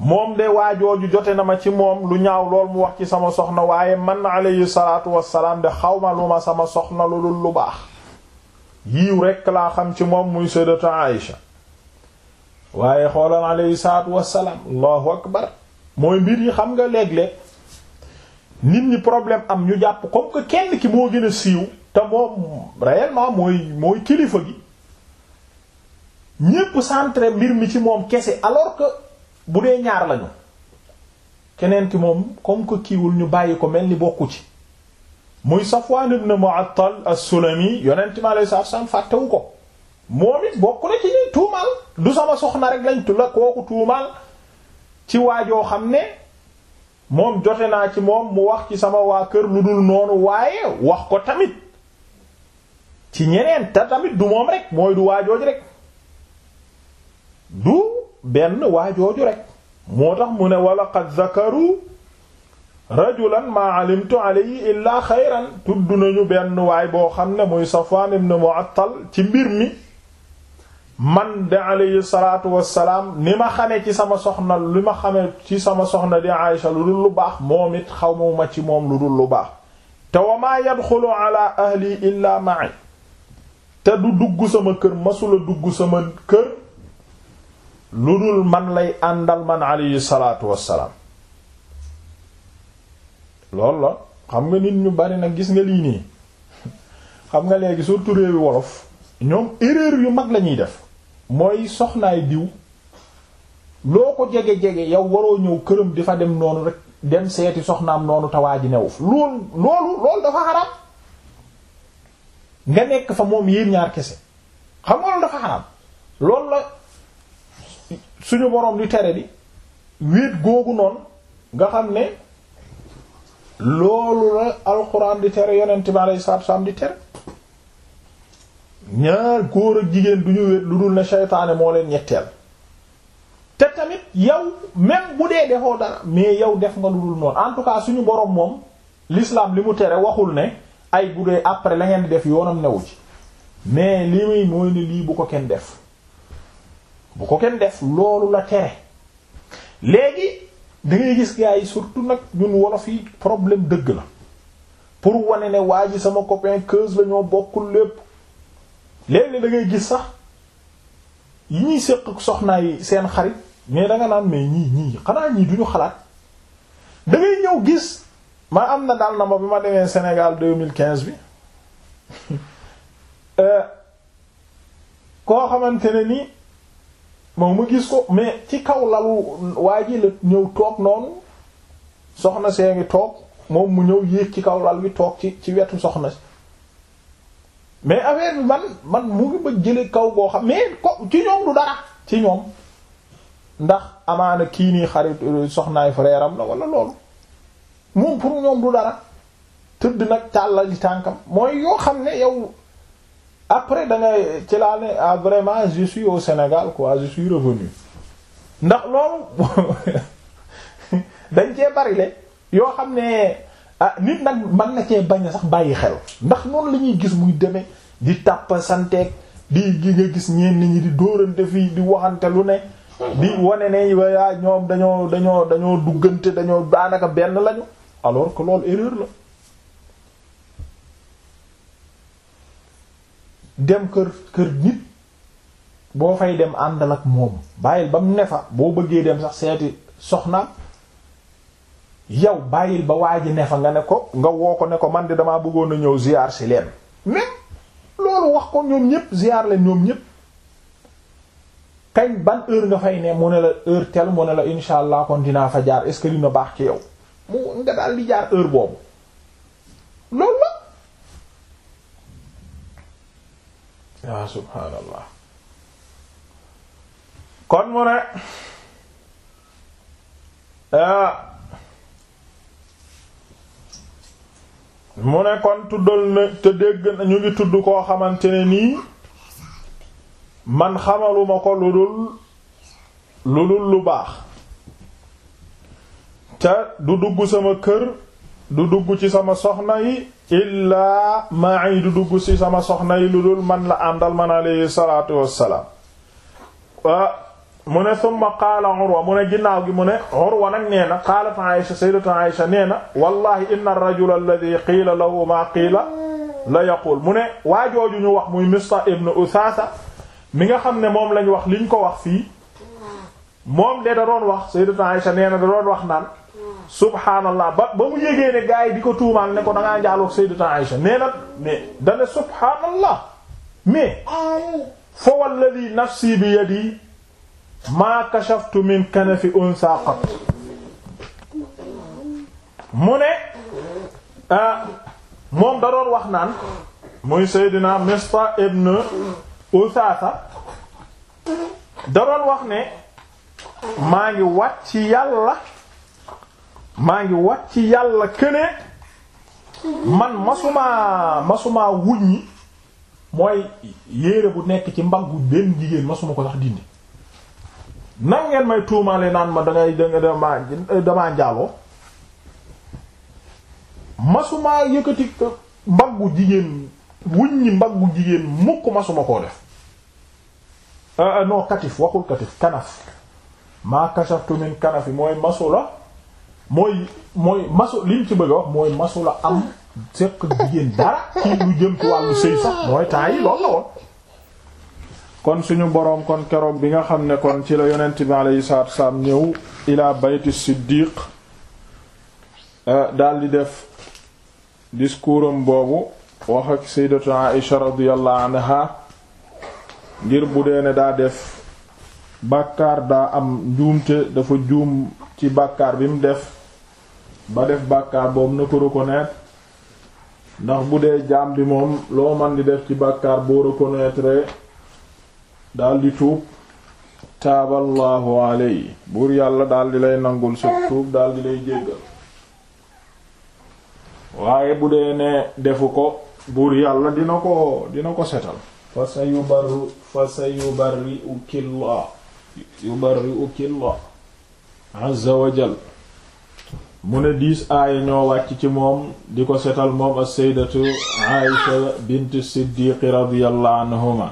moom de jooju jote na ma ci moom lu ñaaw lool mu wax ci sama soxna waaye man alayhi salaatu wassalaam de xawma ma sama soxna lu dul lu baax yiiw rekk laa xam ci moom muy sayyidatu Aïsha waaye xoolal alayhi salaatu wassalaam allahu akbar mooy mbir yi xam nga léeg-léeg nit ñi problème am ñu jàpp ko que kenn ki moo gën a siiw te moom réellement mooy mooy kilifa gi ñépp centré mbir mi ci moom kese alors que bu dee ñaar lañu keneen ki moom comme que kiiwul ñu bàyyi ko mel ni bokku ci muy Safwan ibn Mu'attal as-Sulami yonent mi alayhi salaatu salaam fàttewu ko moom it bokk na ci tuumaal du sama soxna rek lañ tu la kooku tuumaal ci waajoo xam ne moom jote naa ci moom mu wax ci sama waa kër lu dul noonu waaye wax ko tamit ci ñeneen te tamit du moom rek mooy du waajooji rek du benn waajooju rek moo tax mu ne walaqad zakaru rajulan maa alimtu alayhi illaa xayran tudd nañu benn waay boo xam ne muy Safwan ibn Mu'attal ci mbir mi man de alayhi salaatu wassalaam ni ma xamee ci sama soxna li ma xamee ci sama soxna di Aïsha lu dul lu baax moom it xamuma ci moom lu dul lu baax te wa maa yadxulu ala ahli illaa ma'i te du dugg sama kër masula dugg sama kër lu dul man lay àndal man alayhi salaatu wassalaam la xam nga nit ñu bari nag gis nga lii nii xam nga léegi sutu réewi wolof ñoom erreur yu mag lañuy def mooy soxnaay diw loo ko jege-jege yow waroo ñëw këram di fa dem noonu rek dem seeti soxnaam noonu tawaa ji newuf loolu loolu dafa xaraam nga nekk fa moom yéen ñaar kese xam nga dafa xaraam loolu la suñu boroom di tere di wéet googu noonu nga xam ne loolu la alxuraan di tere yonent bi alayhi salaatu salaam di tere ñaar góor ak jigéen du ñu wéet lu dul ne seytaane moo leen ñetteel te tamit yow même bu dee defoo dara mais yow def nga lu dul noonu en suñu boroom moom l'islam li mu tere waxul ne ay bu dee après la ngeen di def yoonam newu ci mais li muy mooy ne lii bu ko kenn def bu ko kenn def loolu la tere léegi da gis gars yi surtout nag ñun wolof yi problème dëgg la pour wane ne waa ji sama copain keuse lañoo ñoo bokkul lépp léegi da gis sax yi ñuy séq soxnaa yi seen xarit mais da nga naan mais ñii ñii xanaa ñii duñu xalaat da ngay ñëw gis ma am na daal na ma bi ma demee Sénégal 2015 bi euh, koo xamante ne ni moom ma gis ko mais ci kaw lalu waa ji la ñëw toog noonu soxna see ngi toog moom mu ñëw yéeg ci kaw lal wi toog ci ci wetu soxna si mais affaire bi man man mu ngi bëgg jële kaw goo xam mais ko ci ñoom du dara ci ñoom ndax amaana kii nii xarit euh, soxnaay frère am la wala loolu moom pour ñoom du dara tëdd nag tàllali tànkam mooy yoo xam ne yow après da ngay ci laa ne ah vraiment je suis Sénégal quoi je suis revenu ndax loolu dañ cee bari le yoo xam ne a ah, nit nag mën na cee bañ sax bàyyi xel ndax loolu la ñuy gis muy demee di tàpp santeeg di gi nga gis ñeen ñi di dóorante fii di waxante lu ne di wane ne waa ñoom dañoo dañoo dañoo duggante dañoo daanaka benn lañu alors ko loolu erreur la dem kër kër nit boo fay dem àndal ak moom bàyyil ba mu nefa boo bëggee dem sax seeti soxna yow bàyyil ba waa ji nga ne ko nga woo ko ne ko man de damaa bëggoon a ñëw ziar si leen mais loolu wax ko ñoom ñépp ziar leen ñoom ñépp kañ ban heure nga fay ne mu ne la heure tel mu ne la insha allah kon dinaa fa jaar est-ce baax ci yow mu nga daal di jaar heure boobu loolu la yaa subhaanallah kon mu ne mu ne kon tuddal na te dégg ñu ngi tudd koo xamante ne nii man xamaluma ko lu dul lu dul lu baax ca du dugg sama kër du dugg ci sama soxna yi illaa ma'i du dugg ci sama soxna yi lu dul man la àndal man alayhi salaatu wassalaam ah, mu ne summa qaala Urwa mu ne ginnaaw gi mu ne Urwa nag nee na qaalat Aïsha sayyidatu Aïsha nee na wallahi inna ar-rajula alladhi qiila lahu ma qiila la mu ne waa jooju ñu wax muy Mistah ibn Uthatha mi nga xam ne moom lañ wax liñ ko wax fii moom le da wax Sayyidatu Aisha nee wax naan subhaanallah ba ba mu yégee ne gars yi di ko tuumaal ne ko da ngaa njaaloo Sayyidatu Aisha nee na mais da ne subhaanallah mais fa walladhi nafsi bi yadi maa min kanafi unsa qat mu ne ah, moom da wax naan muy Seydina Mista ibn Usasa da wax ne maa ngi wat ci yàlla maa ngi wat ci yàlla këne man masumaa masumaa wuññi mooy yére bu nekk ci mbaggu benn jigéen masuma ko sax dindi nan ngeen may tuumaale naan ma dangay danga dama damaa njaaloo masumaa yëkkati mbaggu jigéen wuññi mbaggu jigéen mukk masuma koo def euh, euh, non katif waxul katif kanaf maa kashaftu min kanafi mooy masula mooy mooy masu li mu ci bëgg a wax mooy masula am seq jigéen dara ci lu jëm ci wàllu sëy sax mooy temps yi la woon kon suñu boroom kon keroog bi nga xam ne kon ci la yonent bi alayhi salaatu wasalaam ñëw ila bayti siddiq eh, daldi def discours am boobu wax ak sayyidatu Aïsha radiyallahu anha ngir bu dee ne daa def bàkkaar daa am njuumte dafa juum ci bàkkaar bi mu def ba def bàkkaar boobu na ko reconnaître ndax bu dee jaam bi moom loo man di def ci bàkkaar boo reconnaître daldi tuub taaballahu alay buur yàlla daldi lay nangul sa tuub daldi lay jéggal waaye bu dee ne defu ko buur yàlla dina ko setal fa sa yubarri fa sa yubarri ukilla yu Allah azza wa mu ne diis aaya ñoo wàcc ci moom di ko setal moom as-sayyidatu Aisha bint Siddiq radiyallahu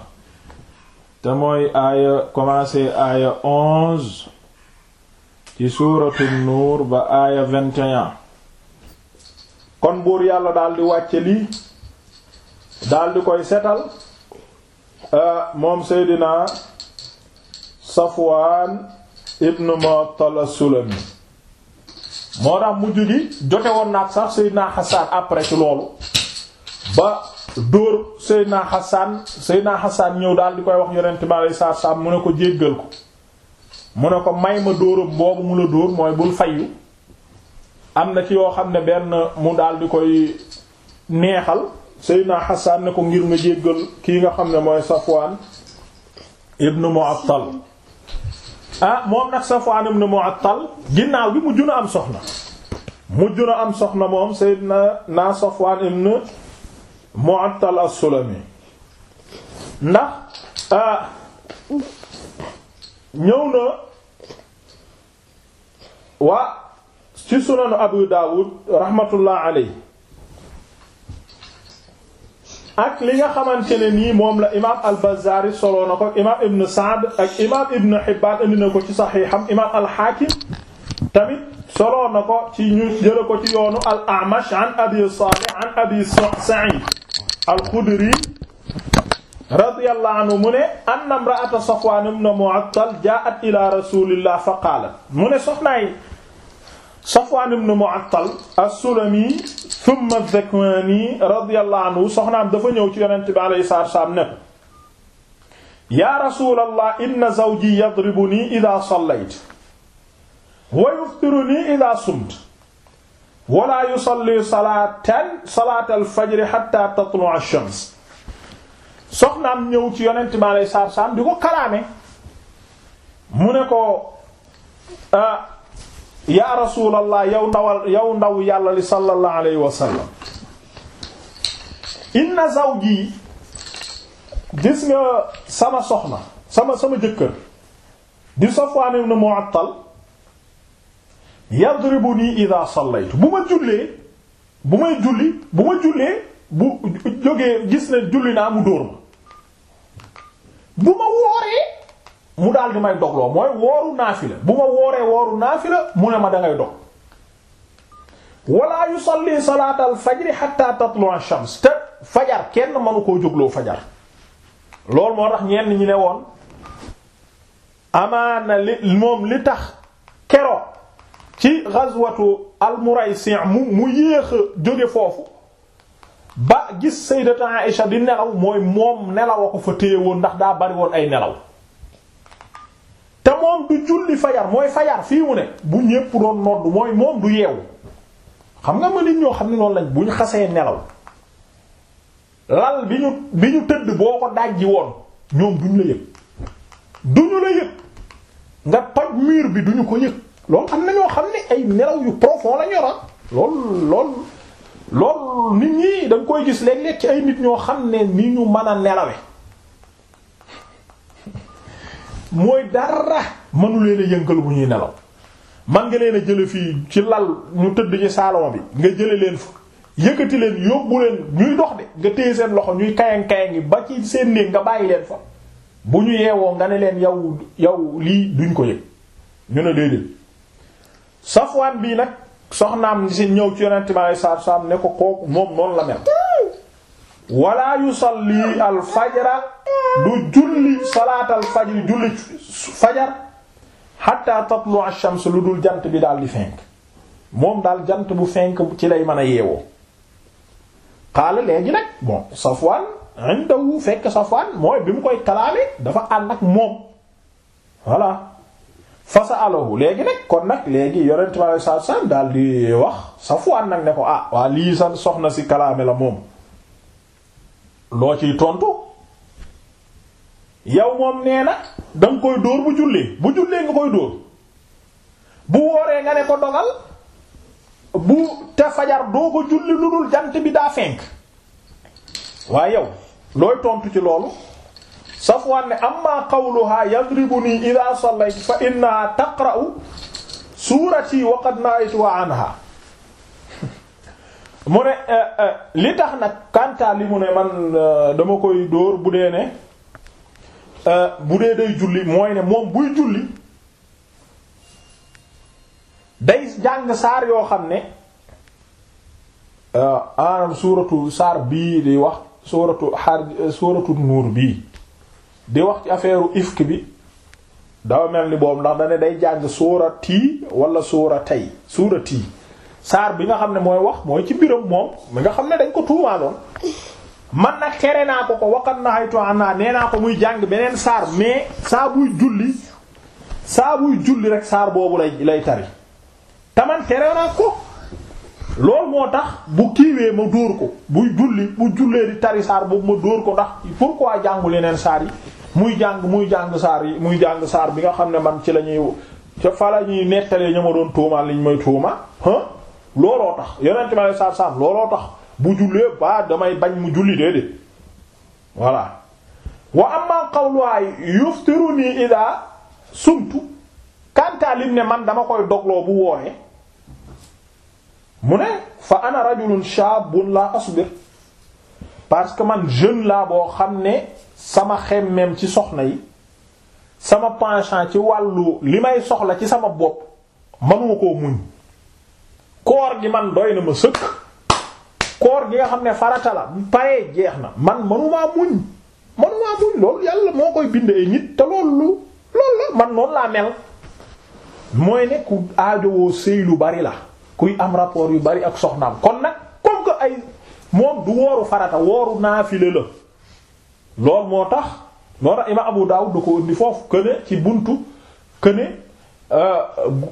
te mooy aaya commencé aaya onze ci suuratu nuur ba aaya kon buur yàlla daldi wàcce lii daldi koy setal euh, moom Seydina Safwaan ibn Mu'attal as-Sulami moo tax mujj gi jote woon naag sax naa Hassan après ci loolu ba dóor Seydina Hassan naa Hassan ñëw daal di koy wax yonent bi alayhi salaatu salaam mu ne ko jéggal ko mu ne ko may ma dóoram boobu mu la dóor mooy bul fayyu am na ci yoo xam ne benn mu daal di koy neexal Seydina Hassan ne ko ngir nga jéggal kii nga xam ne mooy Safwaan ibn Mu'attal ah moom nag Safwaan ibn Mu'attal ginnaaw bi mujj na am soxna mujj na am soxna moom Seydina naa Safwaan ibn Mu'attal as-Sulami ndax ah ñëw na waa ci sunanu Abu Daawud rahmatullah alayhi ak li nga xamante ne nii moom la imaam al-Bazzari soloo na ko imaam Ibn Sa'd ak imaam Ibn Hibbaan indi na ko ci saxiixam imaam al-Haakim tamit soloo na ko ci ñu jëla ko ci yoonu al-A'mash an Abi Saalih an Abi Sa'iid al-Khudri radiyallahu anhu mu ne anna imra'ata Safwaan ibn Mu'attal jaa'at ila Rasuulillah fa qaalat mu ne soxnaay Safwan ibn Mu'attal as-Sulami thumma az-Zakwani radiyallahu anhu soxnaam dafa ñëw ci yonent bi alayhi salaatu salaam ne yaa rasulallah inna zawji yadribuni idha sallaytu wa yuftiruni idha sumtu wa la yusalli salatan salata al-fajr hatta tatlu'a ash-shams soxnaam ñëw ci yonent bi alayhi salaatu salaam di ko kalaame mu ne ko ah yaa rasulallah yow ndawal yow ndaw yàlla li sallallahu alayhi wa sallam inna zawji gis nga sama soxna sama sama jëkkër di Safwan ibn Mu'attal yadribuni idha sallaytu bu ma jullee bu may julli bu ma jullee bu jógee gis ne julli naa mu dóor ma bu ma wooree mu daal di may dogloo mooy wooru naafila bu ma wooree wooru naafila mu ne ma dangay dog wala yusalli salaatal fajri hatta tatlu ash te fajar kenn mënu koo jógloo fajar loolu moo tax ñenn ñi ne woon amaana li moom li tax keroog ci ghazwatu al-Muraysi' mu mu yéex a jóge foofu ba gis sayyidatu Aïsha di nelaw mooy moom nelaw ko fa téye woon ndax daa bari woon ay nelaw te moom du julli fajar mooy fajar fii mu ne bu ñépp doon nodd mooy moom du yeewu xam nga ma nit ñoo xam ne noonu lañ bu ñu xasee nelaw lal bi ñu bi ñu tëdd boo ko dajji woon ñoom duñ la yëg duñu la yëg nga toj mur bi duñu ko yëg loolu am na ñoo xam ne ay nelaw yu profond la ñora ah. lool lool lool nit ñi da nga koy gis léeg-léeg ci ay nit ñoo xam ne ni ñu mën a nelawe mooy dara mënu leen a yënkal bu ñuy nelaw man nga leen a jële fii ci lal ñu tëdd ci salon bi nga jële leen fa yëkkati leen yóbbu leen ñuy dox de nga téye seen loxo ñuy kayang kayang ba ci seen néeg nga bàyyi leen fa bu ñu yeewoo nga ne leen yow yow lii duñ ko yëg ñu ne déedéet safwaan bii nag soxnaam si ñëw ci yonent bi sallallahu alayhi wasallam ne ko kooku moom noonu la mel wala yusalli al fajra du julli salaatal fajri julli fajar hatta tatlu ash-shams lu dul jant bi daal di fenk moom daal jant bu fenk ci lay man a yeewoo xaala léegi nag bon Safwan indahu mooy bi mu koy kalaame dafa ànd ak moom voilà fasa alahu léegi nag kon nag léegi yonent bi sallallahu alayhi wasallam daal di wax Safwan nag ne ko ah waa lii san soxna si kalaame la moom loo ciy tontu yow moom nee na danga koy dóor bu jullee bu jullee nga koy dóor bu wooree nga ne ko dogal bu te fajar doo ko julli lu dul jant bi daa fenk waaye yow looy tontu ci loolu Safwan ne amma qawluha yadribuni idha sallaytu fa innaha taqra'u surati wa qad na'aytu anha mu ne eh, eh, li tax nag kantaa li mu ne man eh, dama koy dóor bu dee ne bu dee day julli mooy ne moom buy julli day jàng saar yoo xam ne anam suuratu saar bii di wax suuratu xaar suuratu nuur bii di wax ci affaire ifk bi dafa mel ni boobu ndax da ne day jàng suurati wala suuratay suuratii saar bi nga xam ne mooy wax mooy ci mbiram moom mi nga xam ne dañ ko tuumaaloon man na tere naa ko ko waxat na xaytu naa nee naa ko muy jàng beneen saar mais saa buy julli saa rek saar boobu lay lay tari taman tere naa ko loolu moo tax bu kiiwee ma dóor ko buy julli bu jullee di tari saar boobu ma dóor ko ndax pourquoi jàngu leneen saar yi muy jàng muy jàng saar yi muy jàng saar bi nga xam ne man ci la ñuy ca fa la nettalee ñu ma doon tuumaal liñ may tuuma looloo tax yonent bi alei satu salaam looloo tax bu jullee ba damay bañ mu julli déedéet voilà wa amma qawluwaay yuftiru nii ida sumtu kantaa lim ne man dama koy dogloo bu wooree mu ne fa ana rajulun shabun la asbir parce que man jeune laa boo xam ne sama xemmem ci soxna yi sama penchant ci wàllu li may soxla ci sama bopp mënuma koo muñ koor gi man doy na ma sëkk koor gi nga xam ne farata la bu paree jeex na man manumaa muñ manumaa muñ loolu yàlla moo koy bind ay nit te loolu loolu la man noonu laa mel mooy ne ku aajowoo sëy lu bari la kuy am rapport yu bari ak soxnaam kon nag comme que ay moom du wooru farata wooru naafile la loolu moo tax moo tax imaam Abu Dawud da ko indi foofu këne ci buntu këne Euh,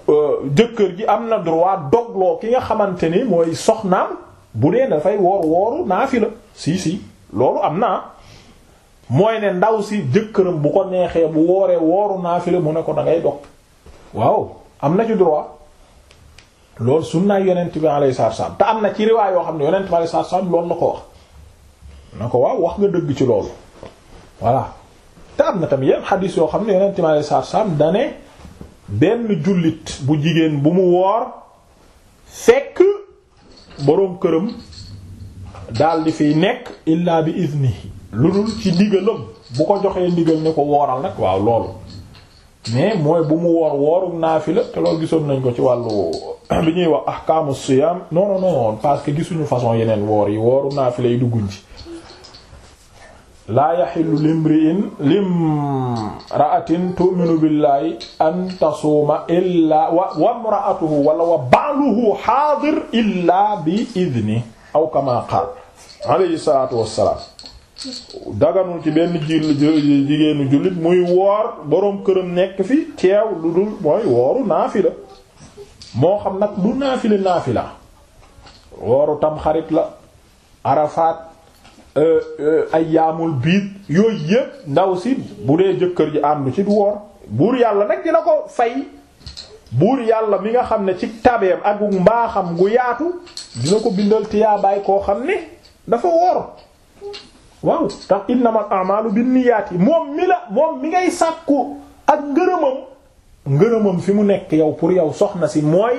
euh, jëkkër ji am na droit dogloo ki nga xamante ni mooy soxnaam bu dee dafay woor wooru naafila sii si loolu am naa mooy ne ndaw si jëkkëram bu ko neexee bu wooree wooru naafila mu ne ko da ngay dog waaw am na ci droit loolu sunna yonent bi alayhi salaatu salaam te am na ci riwaay yoo xam ne yonent bi alayhi salaatu salaam loolu la ko wax na ko waaw wax nga dëgg ci loolu voilà te am na tamit yenn xadiis yoo xam ne yonent bi alayhi salaatu salaam benn jullit bu jigéen bu mu woor fekk boroom këram daldi fiy nekk illaa bi iznihi lu dul ci ndigalam bu ko joxee ndigal ne ko wooral nag waaw loolu mais mooy bu mu woor woorum naafila te loolu gisoon nañ ko ci wàllu bi ñuy wax ahkaamu siyaam non non non parce que gisuñu façon yeneen woor yi wooru naafila yi dugguñ ci laa yaxillu limri'in limra'atin tu'minu billahi an tasuuma illaa wa wamra'atuhu wala wa ba'luhu xaadir illaa bi idni aw kama qaal alayhi salaatu wassalaam daganul ci benn jiil jigéenu jullit muy woor boroom këram nekk fi teew lu dul mooy wooru naafila moo xam nag lu naafila naafila wooru tamxarit la arafaat Euh, euh, ay ayyaamul biid yooyu yëpp ndaw si bu dee jëkkër ji àndu ci du woor buur yàlla nag dina ko fay buur yàlla mi nga xam ne ci tabeem ak mbaaxam gu yaatu dina ko bindal tiyaabaay koo xam ne dafa woor waaw tax innamal a'malu binniyaati moom mi la moom mi ngay sàkku ak ngërëmam ngërëmam fi mu nekk yow pour yow soxna si mooy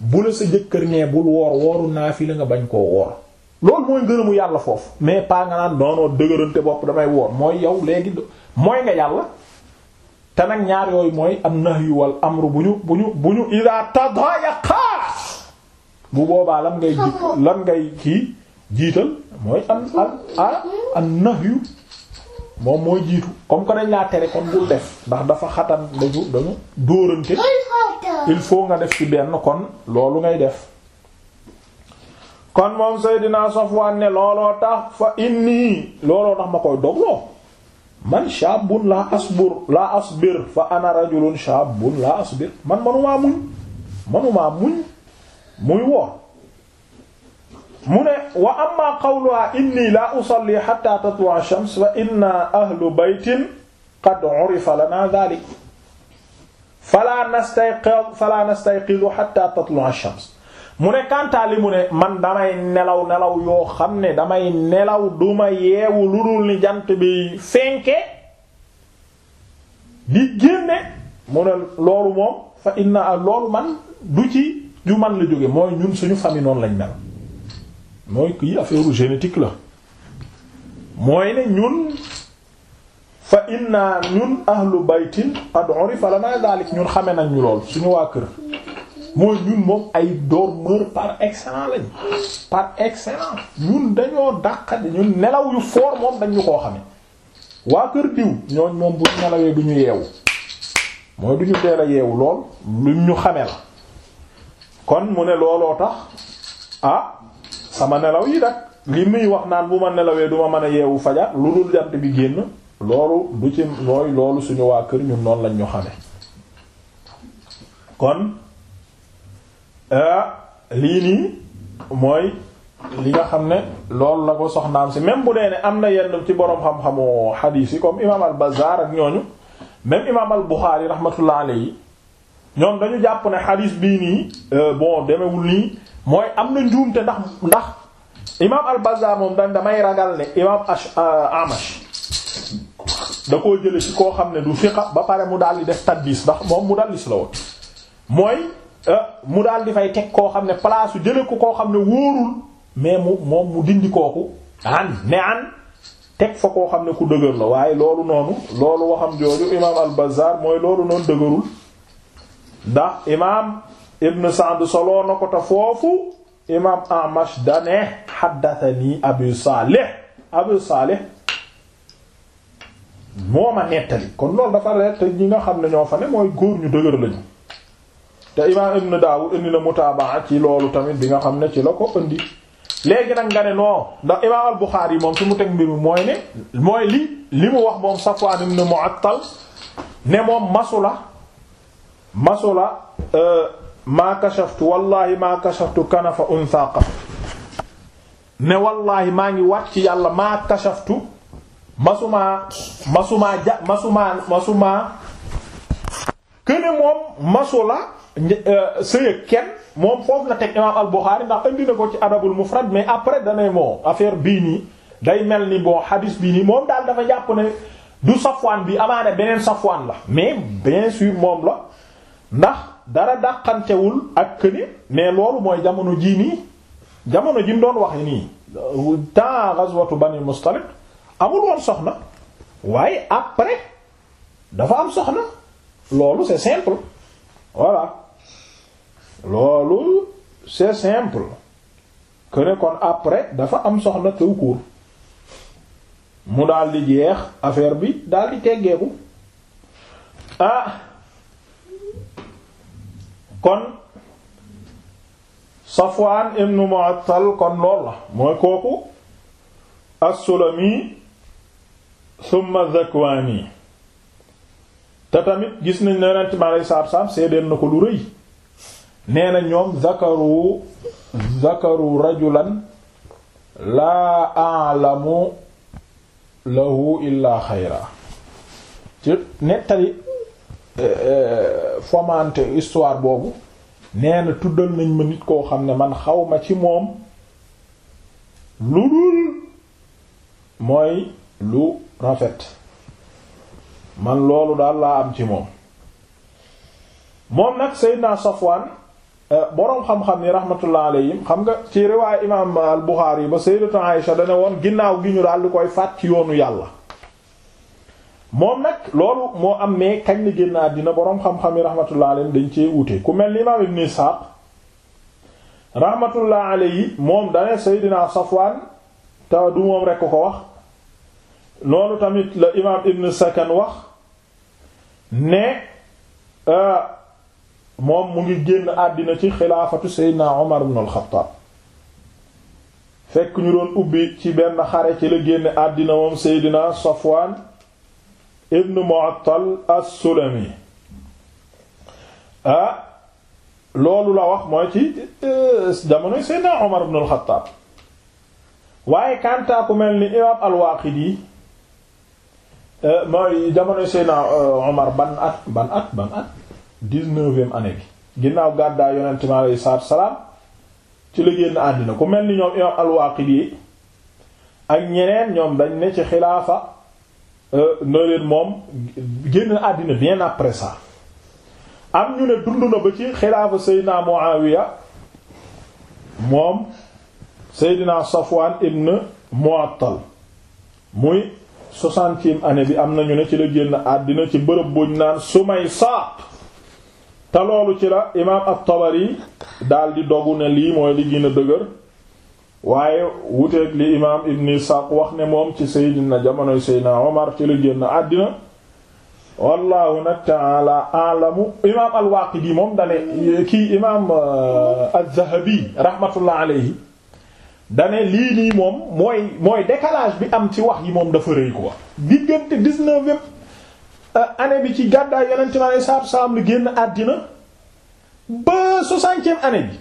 bu la sa jëkkër nee bul woor wooru naafila nga bañ koo woor loolu mooy ngërëmu yàlla foofu mais pas nga naan noonoo dëgërante bopp damay woon mooy yow léegi mooy nga yàlla te nag ñaar yooyu mooy am nahyu wal amru bu ñu bu bu ñu ida boobaa lan ngay ji ngay kii jiital mooy am am am nahyu moom mooy jiitu comme que dañ laa tere kon bul def ndax dafa xatan dañu dañu dóorante il faut nga def ci benn kon loolu ngay def kon moom Seydina Safwan ne looloo tax fa inni looloo tax ma koy dogloo man shaabun laa asbur laa asbir fa ana rajulun shaabun laa asbir man manumaa muñ manumaa muñ muy woor mu ne wa amma qawluha inni laa usalli hatta tatlu'a ash-shams fa inna ahlu baytin qad 'urifa lana dhalik fala nastayqiz fala nastayqizu hatta tatlu'a ash-shams mu ne kantaali mu ne man damay nelaw nelaw yoo xam ne damay nelaw duma yeewu lu dul ni jant bi fenke di génne mu ne loolu moom fa inna loolu man du ci ju man la jóge mooy ñun suñu famille noonu lañ mel mooy kii affaire génétique la mooy ne ñun fa inna ñun ahlu baytin ad urifa lana dalik ñun xame nañ ñu lool suñu waa kër mooy ñun moom ay dormeur par excellence lañ par excellence ñun dañoo dàqadi ñun nelaw yu fort moom dañ koo xame waa kër diw ñooñ moom bu nelawee du ñu yeewu mooy duñu ñu a yeewu lool luñ ñu xame la kon mu ne looloo tax ah sama nelaw yi nag li muy wax naan bu ma nelawee du ma mën a yeewu fajar lu dul jant bi génn loolu du ci mooy loolu suñu waa kër ñun noonu lañ ñu xame kon Ah, lii nii mooy li nga xam ne loolu la ko soxnaam si même bu dee ne am na yenn ci boroom xam-xamu xadiis yi comme imaam al-Bazzaar ak ñooñu même imaam al-Buxaari rahmatullah alayhi ñoom dañu jàpp ne xadiis bii nii euh, bon demewul nii mooy am na njuumte ndax ndax imaam al-Bazzaar moom dañ damay ragal ne imaam euh, Amash da koo jële si koo xam ne du fiqa ba pare mu daal di def tadlis ndax moom mu dallis la woon mooy. Euh, mu daal di fay teg koo xam ne place jële ko koo xam ne wóorul mais mu moom mu dindi kooku an ne an teg fa koo xam ne ku dëgër la waaye loolu noonu loolu waxam jooju imaam al mooy loolu noonu dëgërul ndax imaam Ibn Sa'd soloo na ko te foofu imaam Amash dane haddathani Abu Salih Abu Salih moo ma nettali kon loolu dafa leer te ñi nga xam ne ñoo fa ne mooy góor ñu dëgër lañu te imaam ibn Daawud indi na mutaabaa ci loolu tamit bi nga xam ne ci la ko indi léegi nag nga ne non ndax imaam al Buxaari moom su mu teg mbir mi mooy ne mooy li li mu wax moom Safwaan ibn Mu'attal ne moom masula la maa euh, ma wallaahi maa kashaftu kanafa unthaa maa ngi wat ci yàlla maa kashaftu masumaa masumaa ja këne moom masula Euh, sëyëg kenn moom foofu la teg imaam al-Bukhari ndax indi na ko ci adabul mufrad mais après dane moo affaire bii nii day mel ni bon hadis bii nii moom daal dafa jàpp ne du safwaan bi amaana beneen safwaan la mais bien sûr moom la ndax dara dàqantewul ak këni mais loolu mooy jamono jii nii jamono ji mu doon wax nii temps ghazwatu Bani Mustalik amul woon soxna waaye après dafa am soxna loolu c'est simple voilà loolu c'est simple que ne kon après dafa am soxna kaw kuur mu daal di jeex affaire bi daal di teggeeku ah kon Safwan ibn Mu'attal kon lool la mooy kooku as-Sulami te tamit gis nañ ne Yonent bi alayhi salaatu wa na ko lu rëy nee na ñoom zakaru zakaru rajulan laa alamu lahu illa xayra ci nettali eh, eh, fomante histoire boobu nee tuddal nañ ma nit koo xam ne man xawma ci moom lu dul mooy lu rafet man loolu daal laa am ci moom moom nag Seydina Safwan Euh, boroom xam-xam ni rahmatullah yi xam nga ci riwaay imaam al Buxaari yi ba sayyidatu Aïsha dane woon ginnaaw gi ñu daal di koy faat ci yoonu yàlla moom nag loolu moo am ne kañ la génn àddina boroom xam-xam yi rahmatullah alayhim dañ cee wute ku mel ni imaam Ibn Isaaq rahmatullah alayhi moom dane sayyidina Safwaan te du moom rekk ko wax loolu tamit la imaam Ibn Sakan wax ne euh, moom mu ngi génn àddina ci xilaafatu seydina Omar ibn al fekk ñu doon ubbi ci benn xare ci la génn àddina moom seydina Safwan ibn Mu'attal as-Sulami ah loolu la wax mooy ci euh, jamonoy seydina Omar ibn al-Khattab waaye euh, mooy jamonoy seydina euh, Omar ban at ban at ban at dix-neuvième année bi ginnaaw gàddaay yonente mi aleyhi salaam ci la génn àddina ku mel ni ñoom imaam al-Waaqidi ak ñeneen ñoom dañ ne ci xilaafa euh, na moom génn àddina bien après ça am ñu ne dund na ba ci xilaafa Seydina Muawiya moom Seydina Safwan ibn Mu'attal muy soixantième année bi am nañu ne ci la génn àddina ci bërëb buñ naan Sumaysa te loolu ci la imaam at-Tabari daal di dogu ne lii mooy li gën a dëgër waaye wuteeg li imaam Ibn Isaaq wax ne moom ci Seydina jamonoy Seydina Omar ci la génn àddina wallahu nag ta'ala alamu imaam al-Waaqidi moom dane kii imaam euh, az-Zahabi rahmatullah alayhi dane lii nii moom mooy mooy bi am ci wax yi moom dafa rëy quoi diggante dix-neuf yépp Euh, année bi ci gàddaay yonent ma ne saab saam lu génn àddina ba soixantième année bi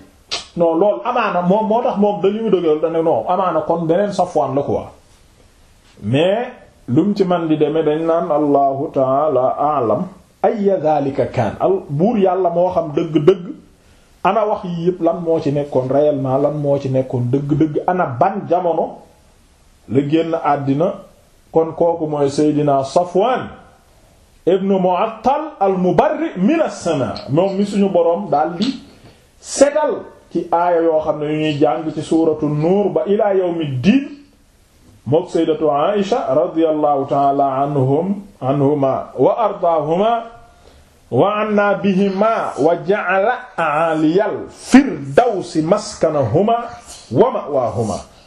non loolu amaana moom moo tax moom dañuy dëgëral da ne non amaana kon beneen Safwaan la quoi mais lum ci man di demee dañ naan allahu taala alam ay zalika kaan buur yàlla moo xam dëgg-dëgg ana wax yii yëpp lan moo ci nekkoon réellement lan moo ci nekkoon dëgg-dëgg ana ban jamono la génn àddina kon kooku mooy Seydina Safwaan ibnu Mu'attal al-Mubarri min as-samaa moom mi suñu boroom daal di segal ci aaya yoo xam ne yu ñuy jàng ci suuratu nuur ba ilaa yawmi diin mook sayyidatu Aisha radiyallahu ta'ala anhum anhuma wa ardaahuma wa anna bihima wa ja'ala a'aliyal firdawsi maskanahuma wa ma'waahuma